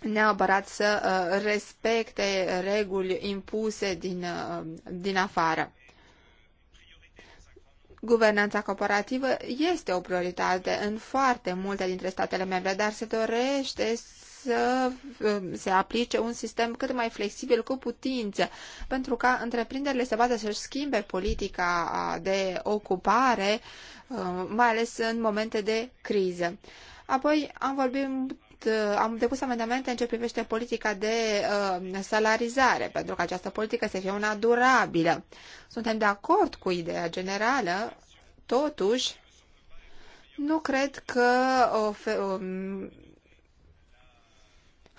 neapărat să respecte reguli impuse din, din afară. Guvernanța cooperativă este o prioritate în foarte multe dintre statele membre, dar se dorește să um, se aplice un sistem cât mai flexibil cu putință, pentru ca întreprinderile să poată să-și schimbe politica de ocupare, um, mai ales în momente de criză. Apoi am vorbit uh, am depus amendamente în ce privește politica de uh, salarizare, pentru că această politică să fie una durabilă. Suntem de acord cu ideea generală, totuși, nu cred că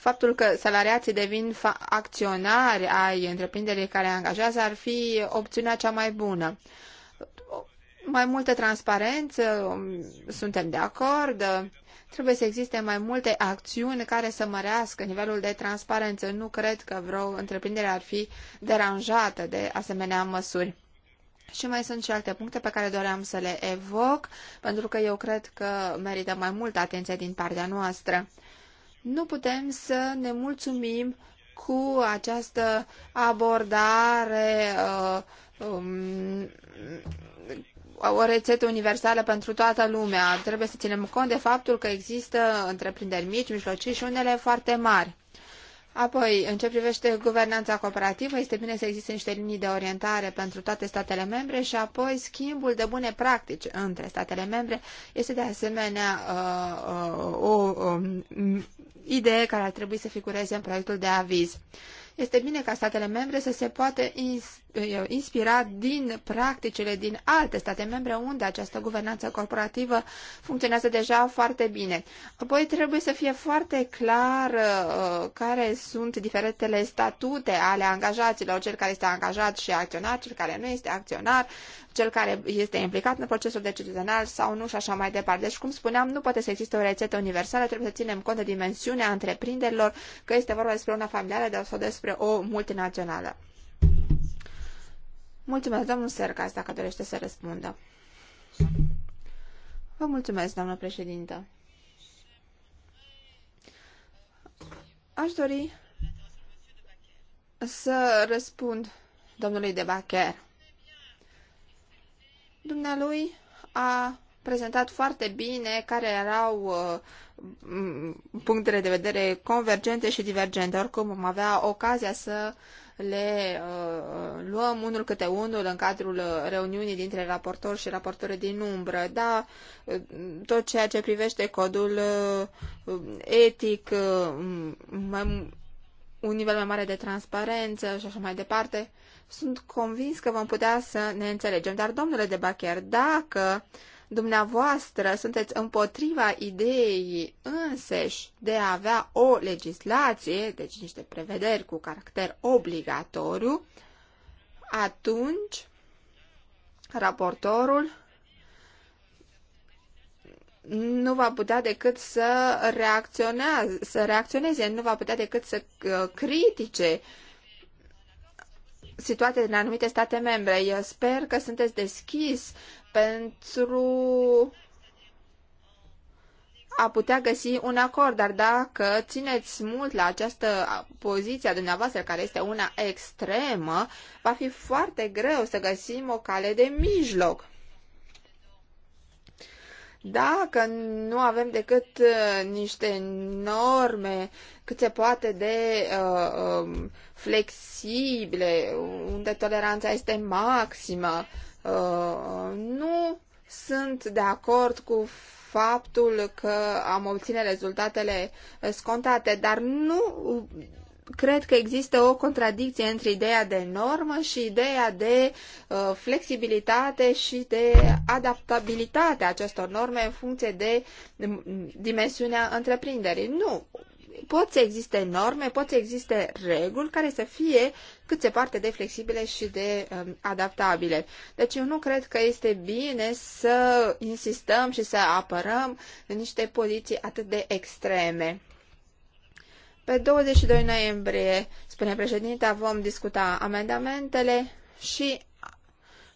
faptul că salariații devin acționari ai întreprinderii care angajează ar fi opțiunea cea mai bună. Mai multă transparență, suntem de acord, trebuie să existe mai multe acțiuni care să mărească nivelul de transparență. Nu cred că vreo întreprindere ar fi deranjată de asemenea măsuri. Și mai sunt și alte puncte pe care doream să le evoc, pentru că eu cred că merită mai multă atenție din partea noastră. Nu putem să ne mulțumim cu această abordare uh, um, o rețetă universală pentru toată lumea. Trebuie să ținem cont de faptul că există întreprinderi mici, mijlocii și unele foarte mari. Apoi, în ce privește guvernanța cooperativă, este bine să existe niște linii de orientare pentru toate statele membre și apoi schimbul de bune practici între statele membre este de asemenea uh, uh, o, o um, idee care ar trebui să figureze în proiectul de aviz. Este bine ca statele membre să se poată inspirat din practicile din alte state membre unde această guvernanță corporativă funcționează deja foarte bine. Apoi trebuie să fie foarte clar uh, care sunt diferitele statute ale angajaților, cel care este angajat și acționar, cel care nu este acționar, cel care este implicat în procesul decizional sau nu și așa mai departe. Deci, cum spuneam, nu poate să existe o rețetă universală, trebuie să ținem cont de dimensiunea întreprinderilor, că este vorba despre una familială sau despre o multinațională. Mulțumesc, domnul Sercas, dacă dorește să răspundă. Vă mulțumesc, doamnă președintă. Aș dori să răspund domnului de Bacher. Dumnealui a prezentat foarte bine care erau uh, punctele de vedere convergente și divergente. Oricum, vom avea ocazia să le uh, uh, luăm unul câte unul în cadrul uh, reuniunii dintre raportori și raportori din umbră, dar uh, tot ceea ce privește codul uh, uh etic, uh, mai, un nivel mai mare de transparență și așa mai departe, sunt convins că vom putea să ne înțelegem. Dar, domnule de Bacher, dacă uh, dumneavoastră sunteți împotriva ideii înseși de a avea o legislație, deci niște prevederi cu caracter obligatoriu, atunci raportorul nu va putea decât să, reacționeze, să reacționeze, nu va putea decât să uh, critique situația din anumite state membre. Eu sper că sunteți deschis pentru a putea găsi un acord, dar dacă țineți mult la această poziție a dumneavoastră, care este una extremă, va fi foarte greu să găsim o cale de mijloc. Dacă nu avem decât uh, niște norme cât se poate de uh, um, flexibile, unde toleranța este maximă, Uh, nu sunt de acord cu faptul că am obține rezultatele scontate, dar nu cred că există o contradicție între ideea de normă și ideea de uh, flexibilitate și de adaptabilitate a acestor norme în funcție de mm, dimensiunea întreprinderii. Nu, pot să existe norme, pot să existe reguli care să fie cât se parte de flexibile și de um, adaptabile. Deci eu nu cred că este bine să insistăm și să apărăm în niște poziții atât de extreme. Pe 22 noiembrie, spune președinta, vom discuta amendamentele și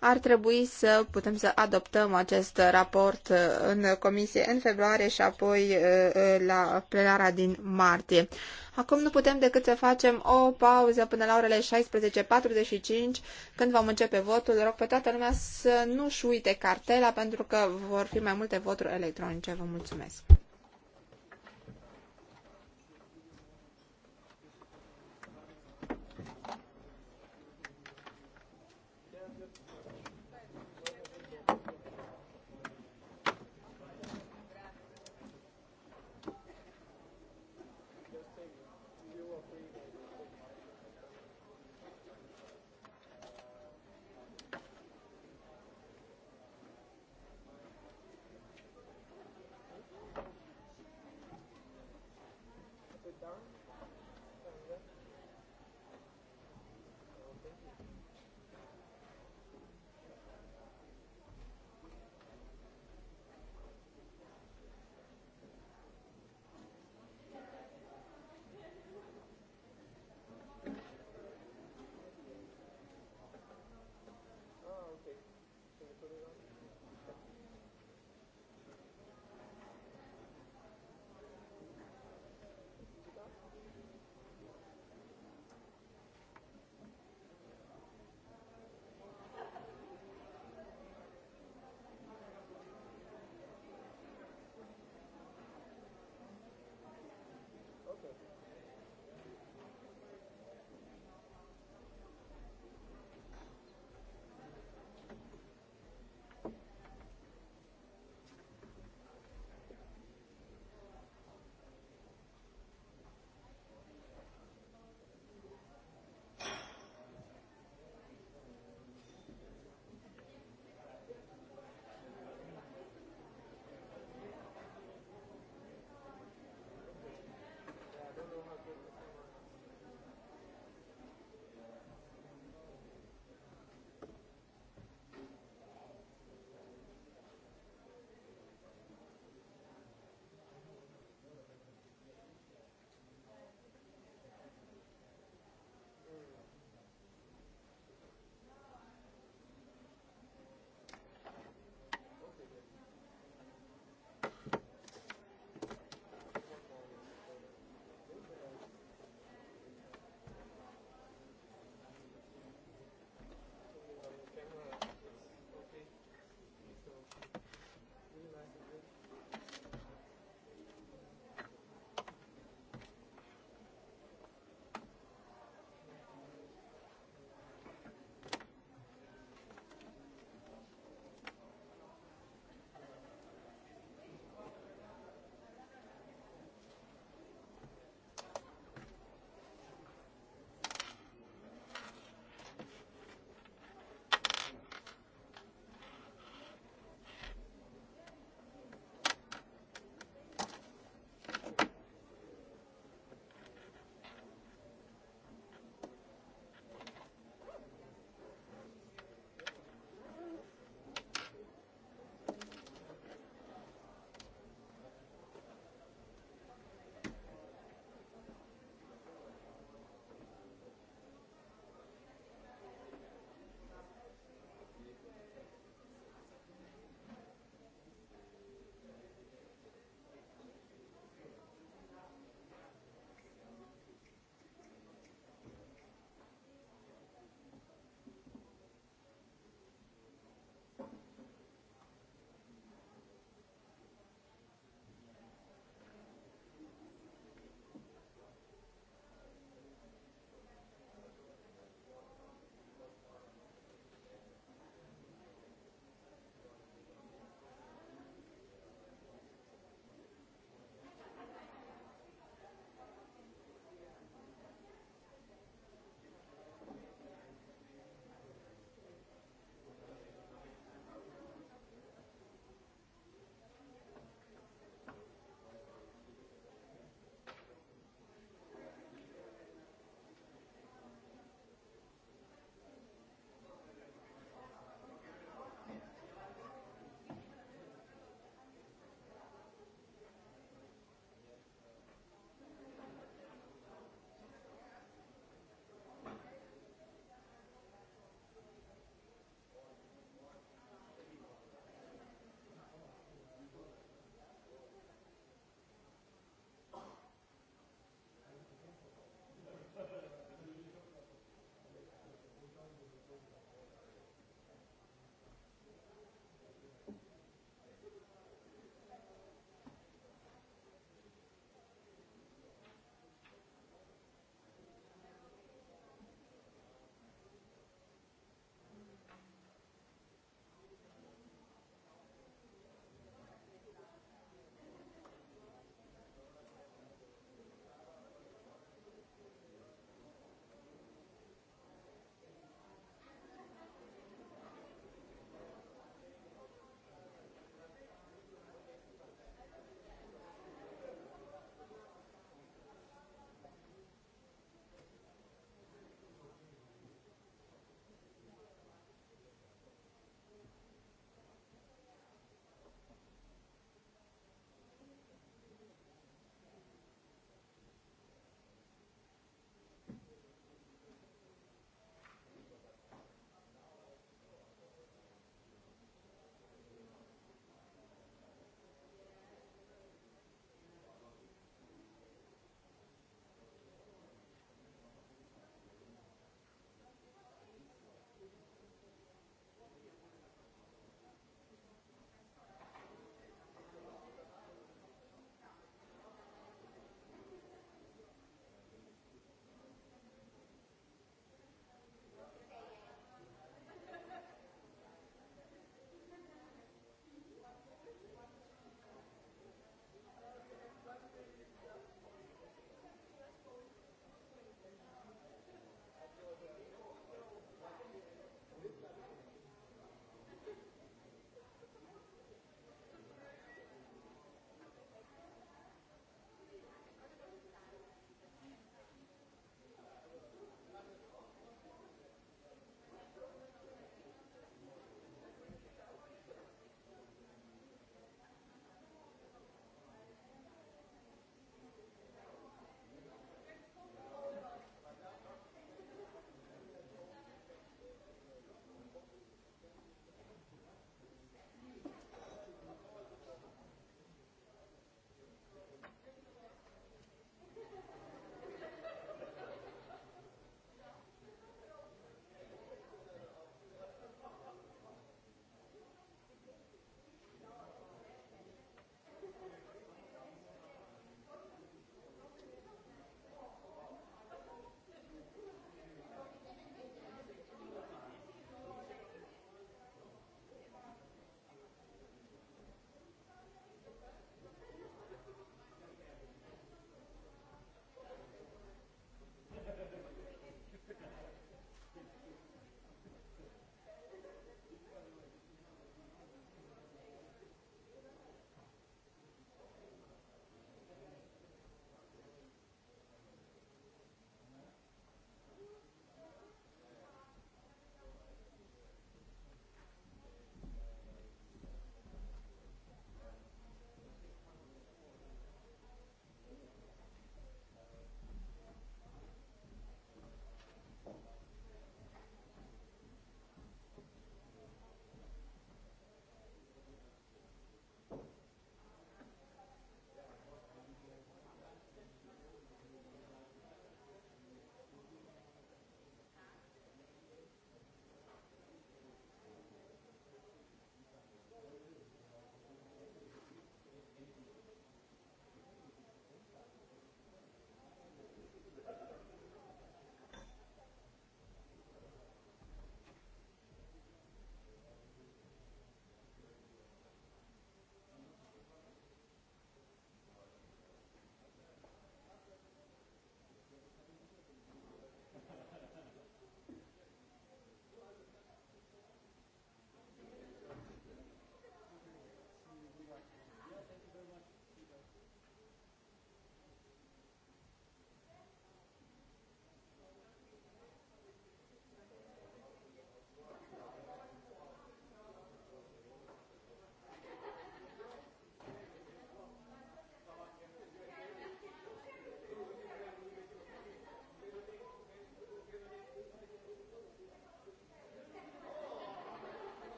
ar trebui să putem să adoptăm acest raport uh, în comisie în februarie și apoi uh, uh, la plenara din martie. Acum nu putem decât să facem o pauză până la orele 16.45 când vom începe votul. Rog pe toată lumea să nu-și uite cartela pentru că vor fi mai multe voturi electronice. Vă mulțumesc!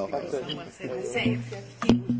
No, because someone said the same.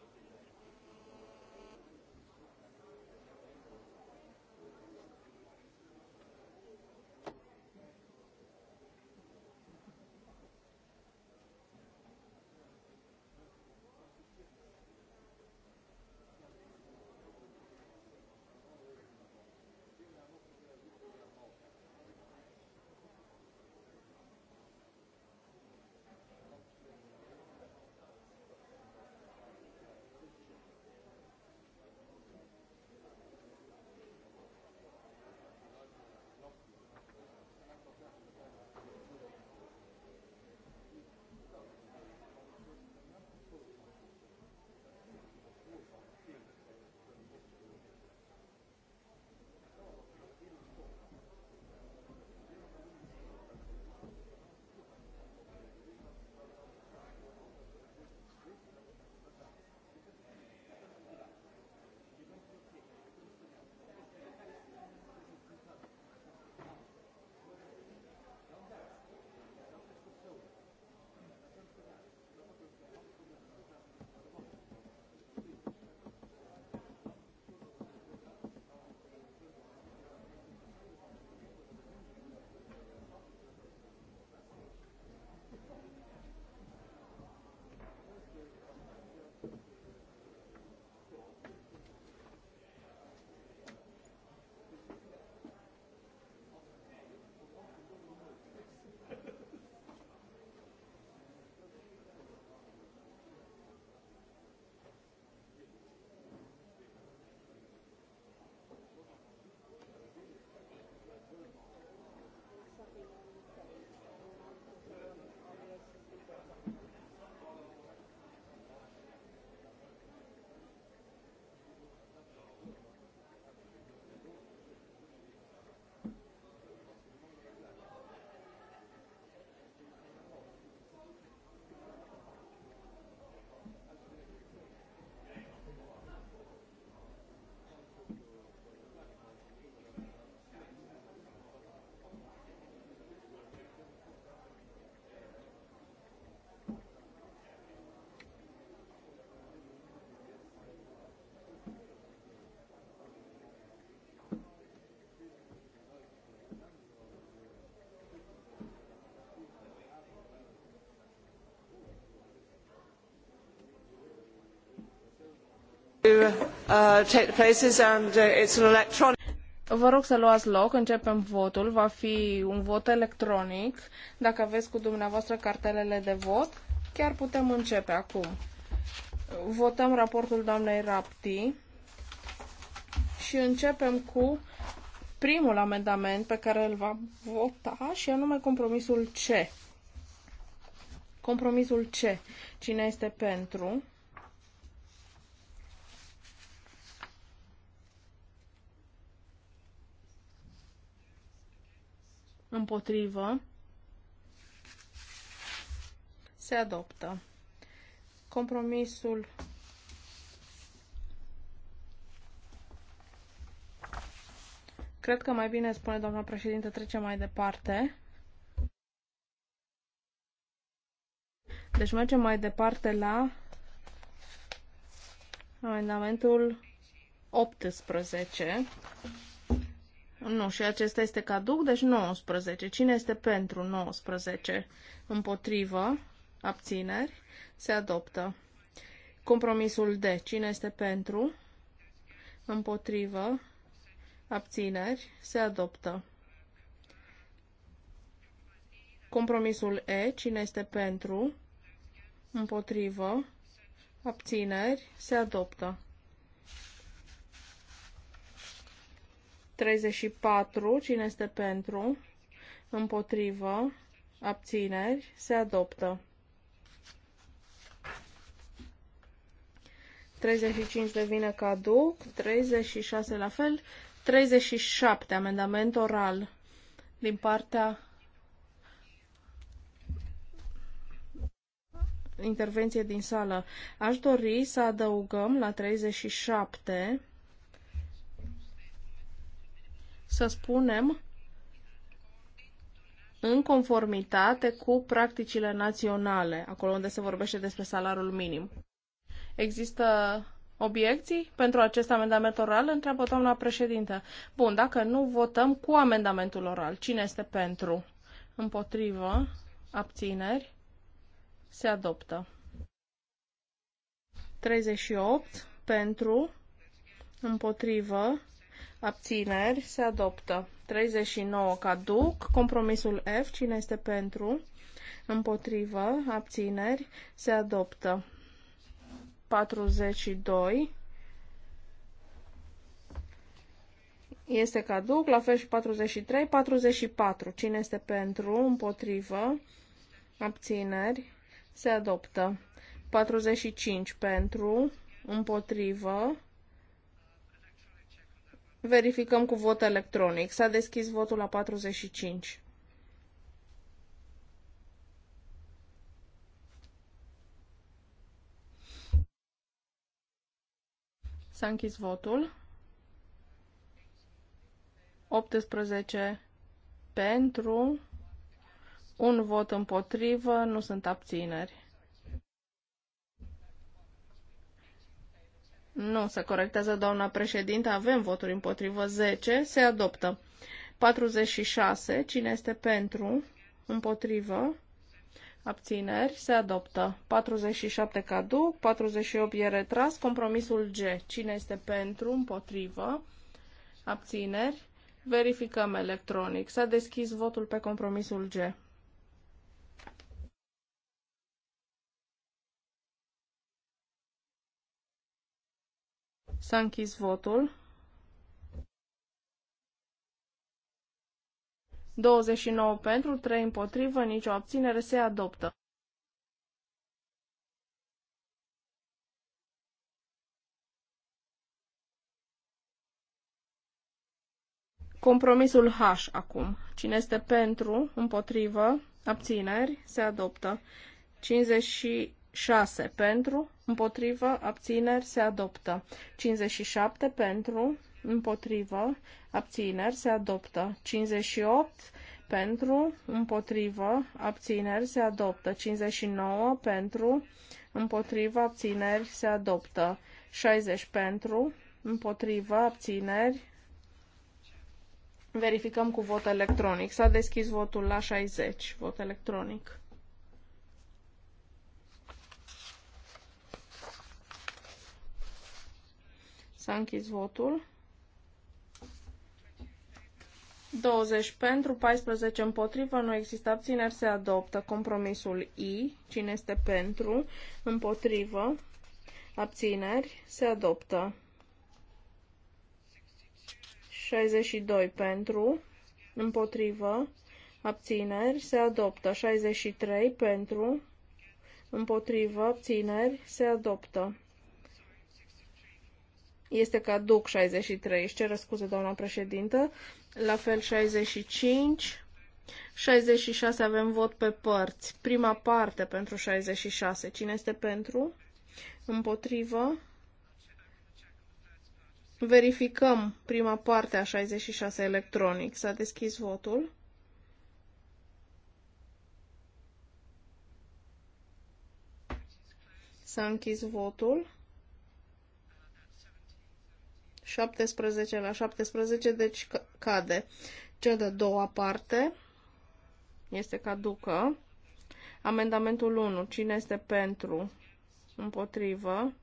Uh, uh, Vă rog să luați loc, începem votul, va fi un vot electronic. Dacă aveți cu dumneavoastră cartelele de vot, chiar putem începe acum. Votăm raportul doamnei Rapti și începem cu primul amendament pe care îl va vota și anume compromisul C. Compromisul C. Cine este pentru? împotrivă, se adoptă. Compromisul Cred că mai bine spune doamna președinte, trece mai departe. Deci mergem mai departe la amendamentul 18. Nu, și acesta este caduc, deci 19. Cine este pentru 19? Împotrivă, abțineri, se adoptă. Compromisul D. Cine este pentru? Împotrivă, abțineri, se adoptă. Compromisul E. Cine este pentru? Împotrivă, abțineri, se adoptă. 34. Cine este pentru? Împotrivă. Abțineri. Se adoptă. 35 devine caduc. 36 la fel. 37. Amendament oral din partea intervenție din sală. Aș dori să adăugăm la 37 să spunem, în conformitate cu practicile naționale, acolo unde se vorbește despre salariul minim. Există obiecții pentru acest amendament oral? Întreabă doamna președinte. Bun, dacă nu, votăm cu amendamentul oral. Cine este pentru? Împotrivă? Abțineri? Se adoptă. 38 pentru, împotrivă, abțineri, se adoptă. 39 caduc, compromisul F, cine este pentru, împotrivă, abțineri, se adoptă. 42 este caduc, la fel și 43, 44, cine este pentru, împotrivă, abțineri, se adoptă. 45 pentru, împotrivă, Verificăm cu vot electronic. S-a deschis votul la 45. S-a închis votul. 18 pentru, un vot împotrivă, nu sunt abțineri. Nu, se corectează doamna președinte, avem voturi împotrivă 10, se adoptă. 46, cine este pentru, împotrivă, abțineri, se adoptă. 47 caduc, 48 e retras, compromisul G, cine este pentru, împotrivă, abțineri, verificăm electronic. S-a deschis votul pe compromisul G. S-a închis votul. 29 pentru, 3 împotrivă, nicio abținere se adoptă. Compromisul H acum. Cine este pentru, împotrivă, abțineri, se adoptă. 50 6 pentru, împotrivă, abțineri, se adoptă. 57 pentru, împotrivă, abțineri, se adoptă. 58 pentru, împotrivă, abțineri, se adoptă. 59 pentru, împotrivă, abțineri, se adoptă. 60 pentru, împotrivă, abțineri. Verificăm cu vot electronic. S-a deschis votul la 60, vot electronic. S-a închis votul. 20 pentru, 14 împotrivă, nu există abțineri, se adoptă compromisul I, cine este pentru, împotrivă, abțineri, se adoptă. 62 pentru, împotrivă, abțineri, se adoptă. 63 pentru, împotrivă, abțineri, se adoptă este caduc 63, își cer scuze doamna președintă, la fel 65, 66 avem vot pe părți, prima parte pentru 66, cine este pentru, împotrivă, verificăm prima parte a 66 electronic, s-a deschis votul. S-a închis votul. 17 la 17, deci cade. Cea de doua parte este caducă. Amendamentul 1. Cine este pentru? Împotrivă.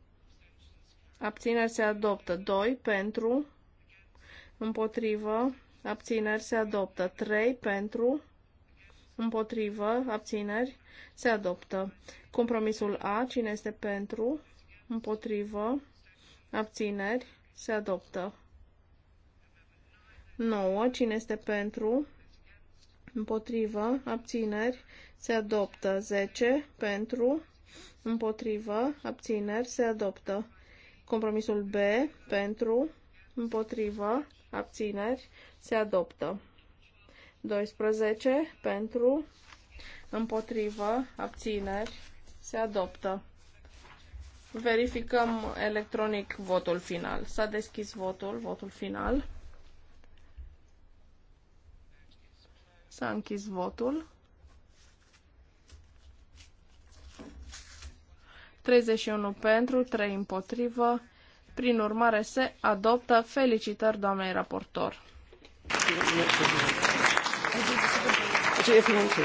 Abțineri se adoptă. 2. Pentru. Împotrivă. Abțineri se adoptă. 3. Pentru. Împotrivă. Abțineri se adoptă. Compromisul A. Cine este pentru? Împotrivă. Abțineri se adoptă. 9. Cine este pentru? Împotrivă. Abțineri. Se adoptă. 10. Pentru. Împotrivă. Abțineri. Se adoptă. Compromisul B. Pentru. Împotrivă. Abțineri. Se adoptă. 12. Pentru. Împotrivă. Abțineri. Se adoptă. Verificăm electronic votul final. S-a deschis votul, votul final. S-a închis votul. 31 pentru, 3 împotrivă. Prin urmare, se adoptă. Felicitări, doamnei raportor. Mulțumesc.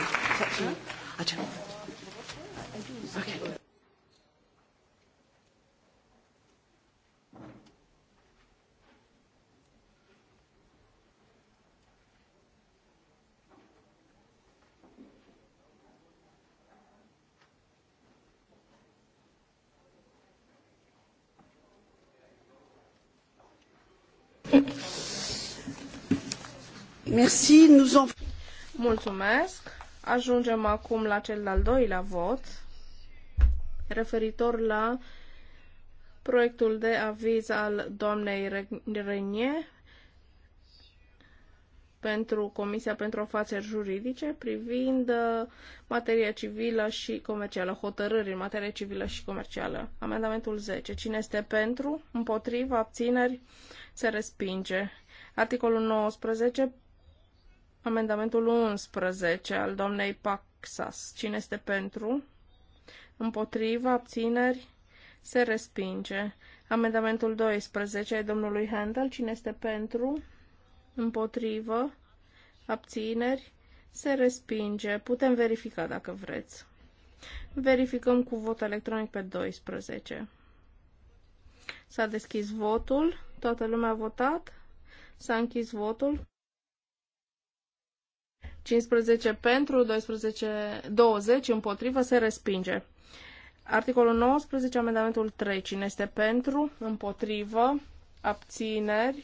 Mulțumesc. Ajungem acum la cel de-al doilea vot referitor la proiectul de aviz al doamnei Renie pentru Comisia pentru Afaceri Juridice privind uh, materia civilă și comercială, hotărâri în materie civilă și comercială. Amendamentul 10. Cine este pentru, împotriva, abțineri, se respinge. Articolul 19. Amendamentul 11 al doamnei Paxas. Cine este pentru? Împotriva, abțineri, se respinge. Amendamentul 12 al domnului Handel. Cine este pentru? Împotrivă, abțineri, se respinge. Putem verifica dacă vreți. Verificăm cu vot electronic pe 12. S-a deschis votul. Toată lumea a votat. S-a închis votul. 15 pentru, 12, 20 împotrivă, se respinge. Articolul 19, amendamentul 3. Cine este pentru, împotrivă, abțineri,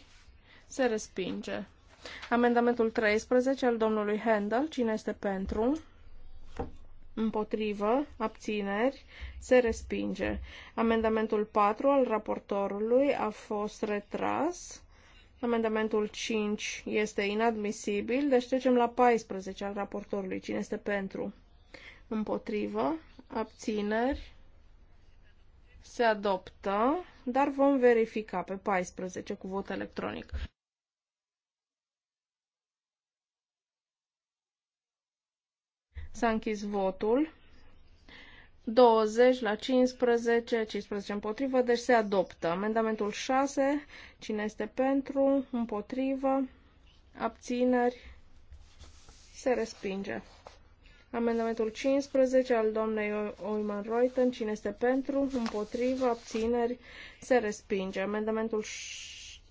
se respinge. Amendamentul 13 al domnului Handel. Cine este pentru? Împotrivă, abțineri, se respinge. Amendamentul 4 al raportorului a fost retras. Amendamentul 5 este inadmisibil, deci trecem la 14 al raportorului. Cine este pentru? Împotrivă. Abțineri. Se adoptă, dar vom verifica pe 14 cu vot electronic. S-a închis votul. 20 la 15, 15 împotrivă, deci se adoptă. Amendamentul 6, cine este pentru, împotrivă, abțineri, se respinge. Amendamentul 15 al doamnei Oiman Reuten, cine este pentru, împotrivă, abțineri, se respinge. Amendamentul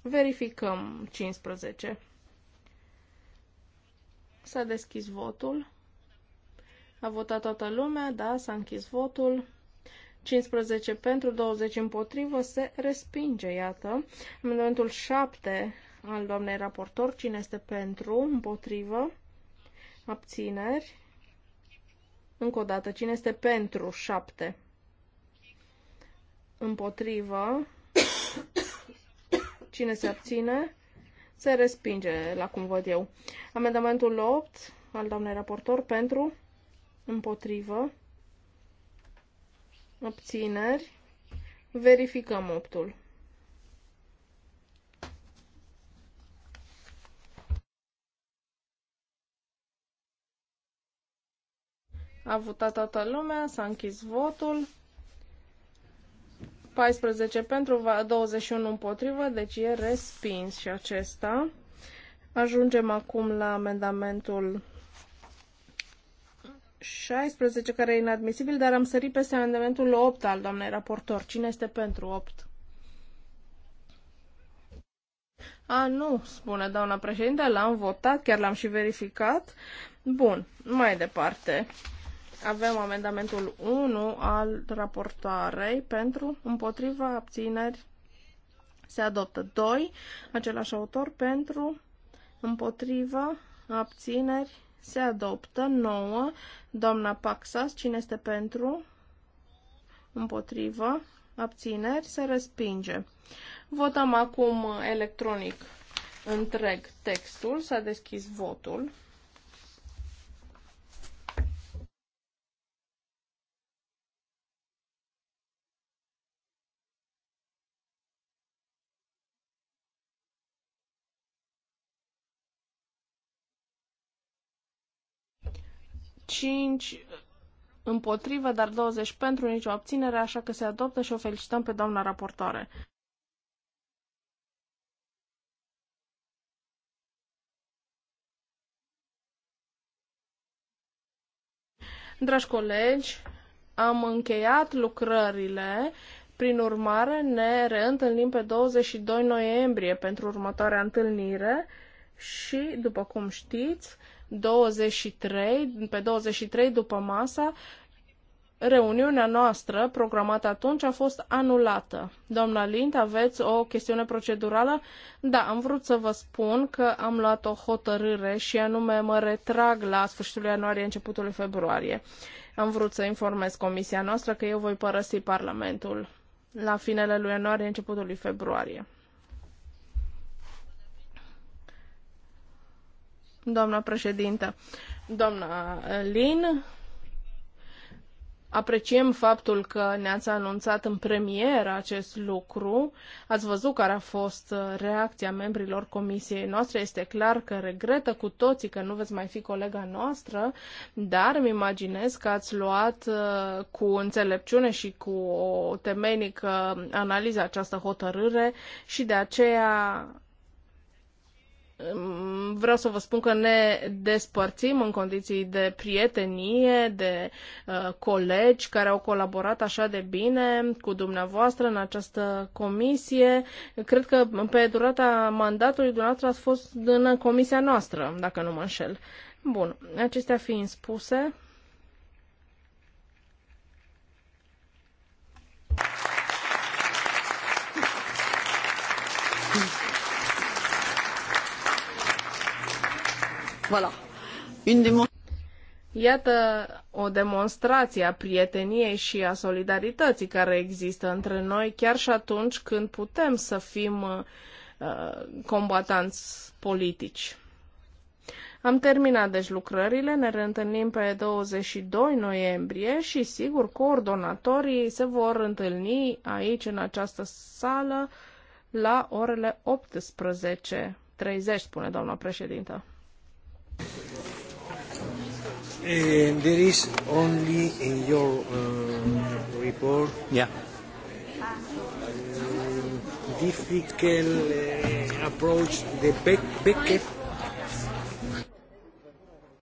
verificăm 15. S-a deschis votul. A votat toată lumea, da, s-a închis votul. 15 pentru, 20 împotrivă, se respinge, iată. Amendamentul 7 al doamnei raportor, cine este pentru, împotrivă, abțineri. Încă o dată, cine este pentru 7? Împotrivă. <coughs> Cine se abține? Se respinge, la cum văd eu. Amendamentul 8 al doamnei raportor, pentru, împotrivă, obțineri, verificăm optul. A votat toată lumea, s-a închis votul. 14 pentru, 21 împotrivă, deci e respins și acesta. Ajungem acum la amendamentul 16, care e inadmisibil, dar am sărit peste amendamentul 8 al doamnei raportor. Cine este pentru 8? A, nu, spune doamna președinte, l-am votat, chiar l-am și verificat. Bun, mai departe. Avem amendamentul 1 al raportoarei pentru, împotriva, abțineri. Se adoptă 2, același autor pentru, împotriva, abțineri se adoptă. 9. Doamna Paxas, cine este pentru? Împotrivă. Abțineri, se respinge. Votăm acum electronic întreg textul. S-a deschis votul. 5 împotrivă, dar 20 pentru, nicio abținere, așa că se adoptă și o felicităm pe doamna raportoare. Dragi colegi, am încheiat lucrările, prin urmare ne reîntâlnim pe 22 noiembrie pentru următoarea întâlnire și, după cum știți, 23, pe 23 după masa, reuniunea noastră programată atunci a fost anulată. Doamna Lind, aveți o chestiune procedurală? Da, am vrut să vă spun că am luat o hotărâre și anume mă retrag la sfârșitul ianuarie, începutul februarie. Am vrut să informez comisia noastră că eu voi părăsi Parlamentul la finele lui ianuarie, începutul lui februarie. doamna președintă. Doamna Lin, apreciem faptul că ne-ați anunțat în premieră acest lucru. Ați văzut care a fost reacția membrilor comisiei noastre. Este clar că regretă cu toții că nu veți mai fi colega noastră, dar îmi imaginez că ați luat uh, cu înțelepciune și cu o temenică analiză această hotărâre și de aceea vreau să vă spun că ne despărțim în condiții de prietenie, de uh, colegi care au colaborat așa de bine cu dumneavoastră în această comisie. Cred că pe durata mandatului dumneavoastră ați fost în comisia noastră, dacă nu mă înșel. Bun, acestea fiind spuse, Voilà. Une Iată o demonstrație a prieteniei și a solidarității care există între noi, chiar și atunci când putem să fim uh, combatanți politici. Am terminat deci lucrările, ne reîntâlnim pe 22 noiembrie și sigur coordonatorii se vor întâlni aici în această sală la orele 18.30, spune doamna președintă. And there is only in your uh, report. Yeah. Uh, difficult uh, approach the back,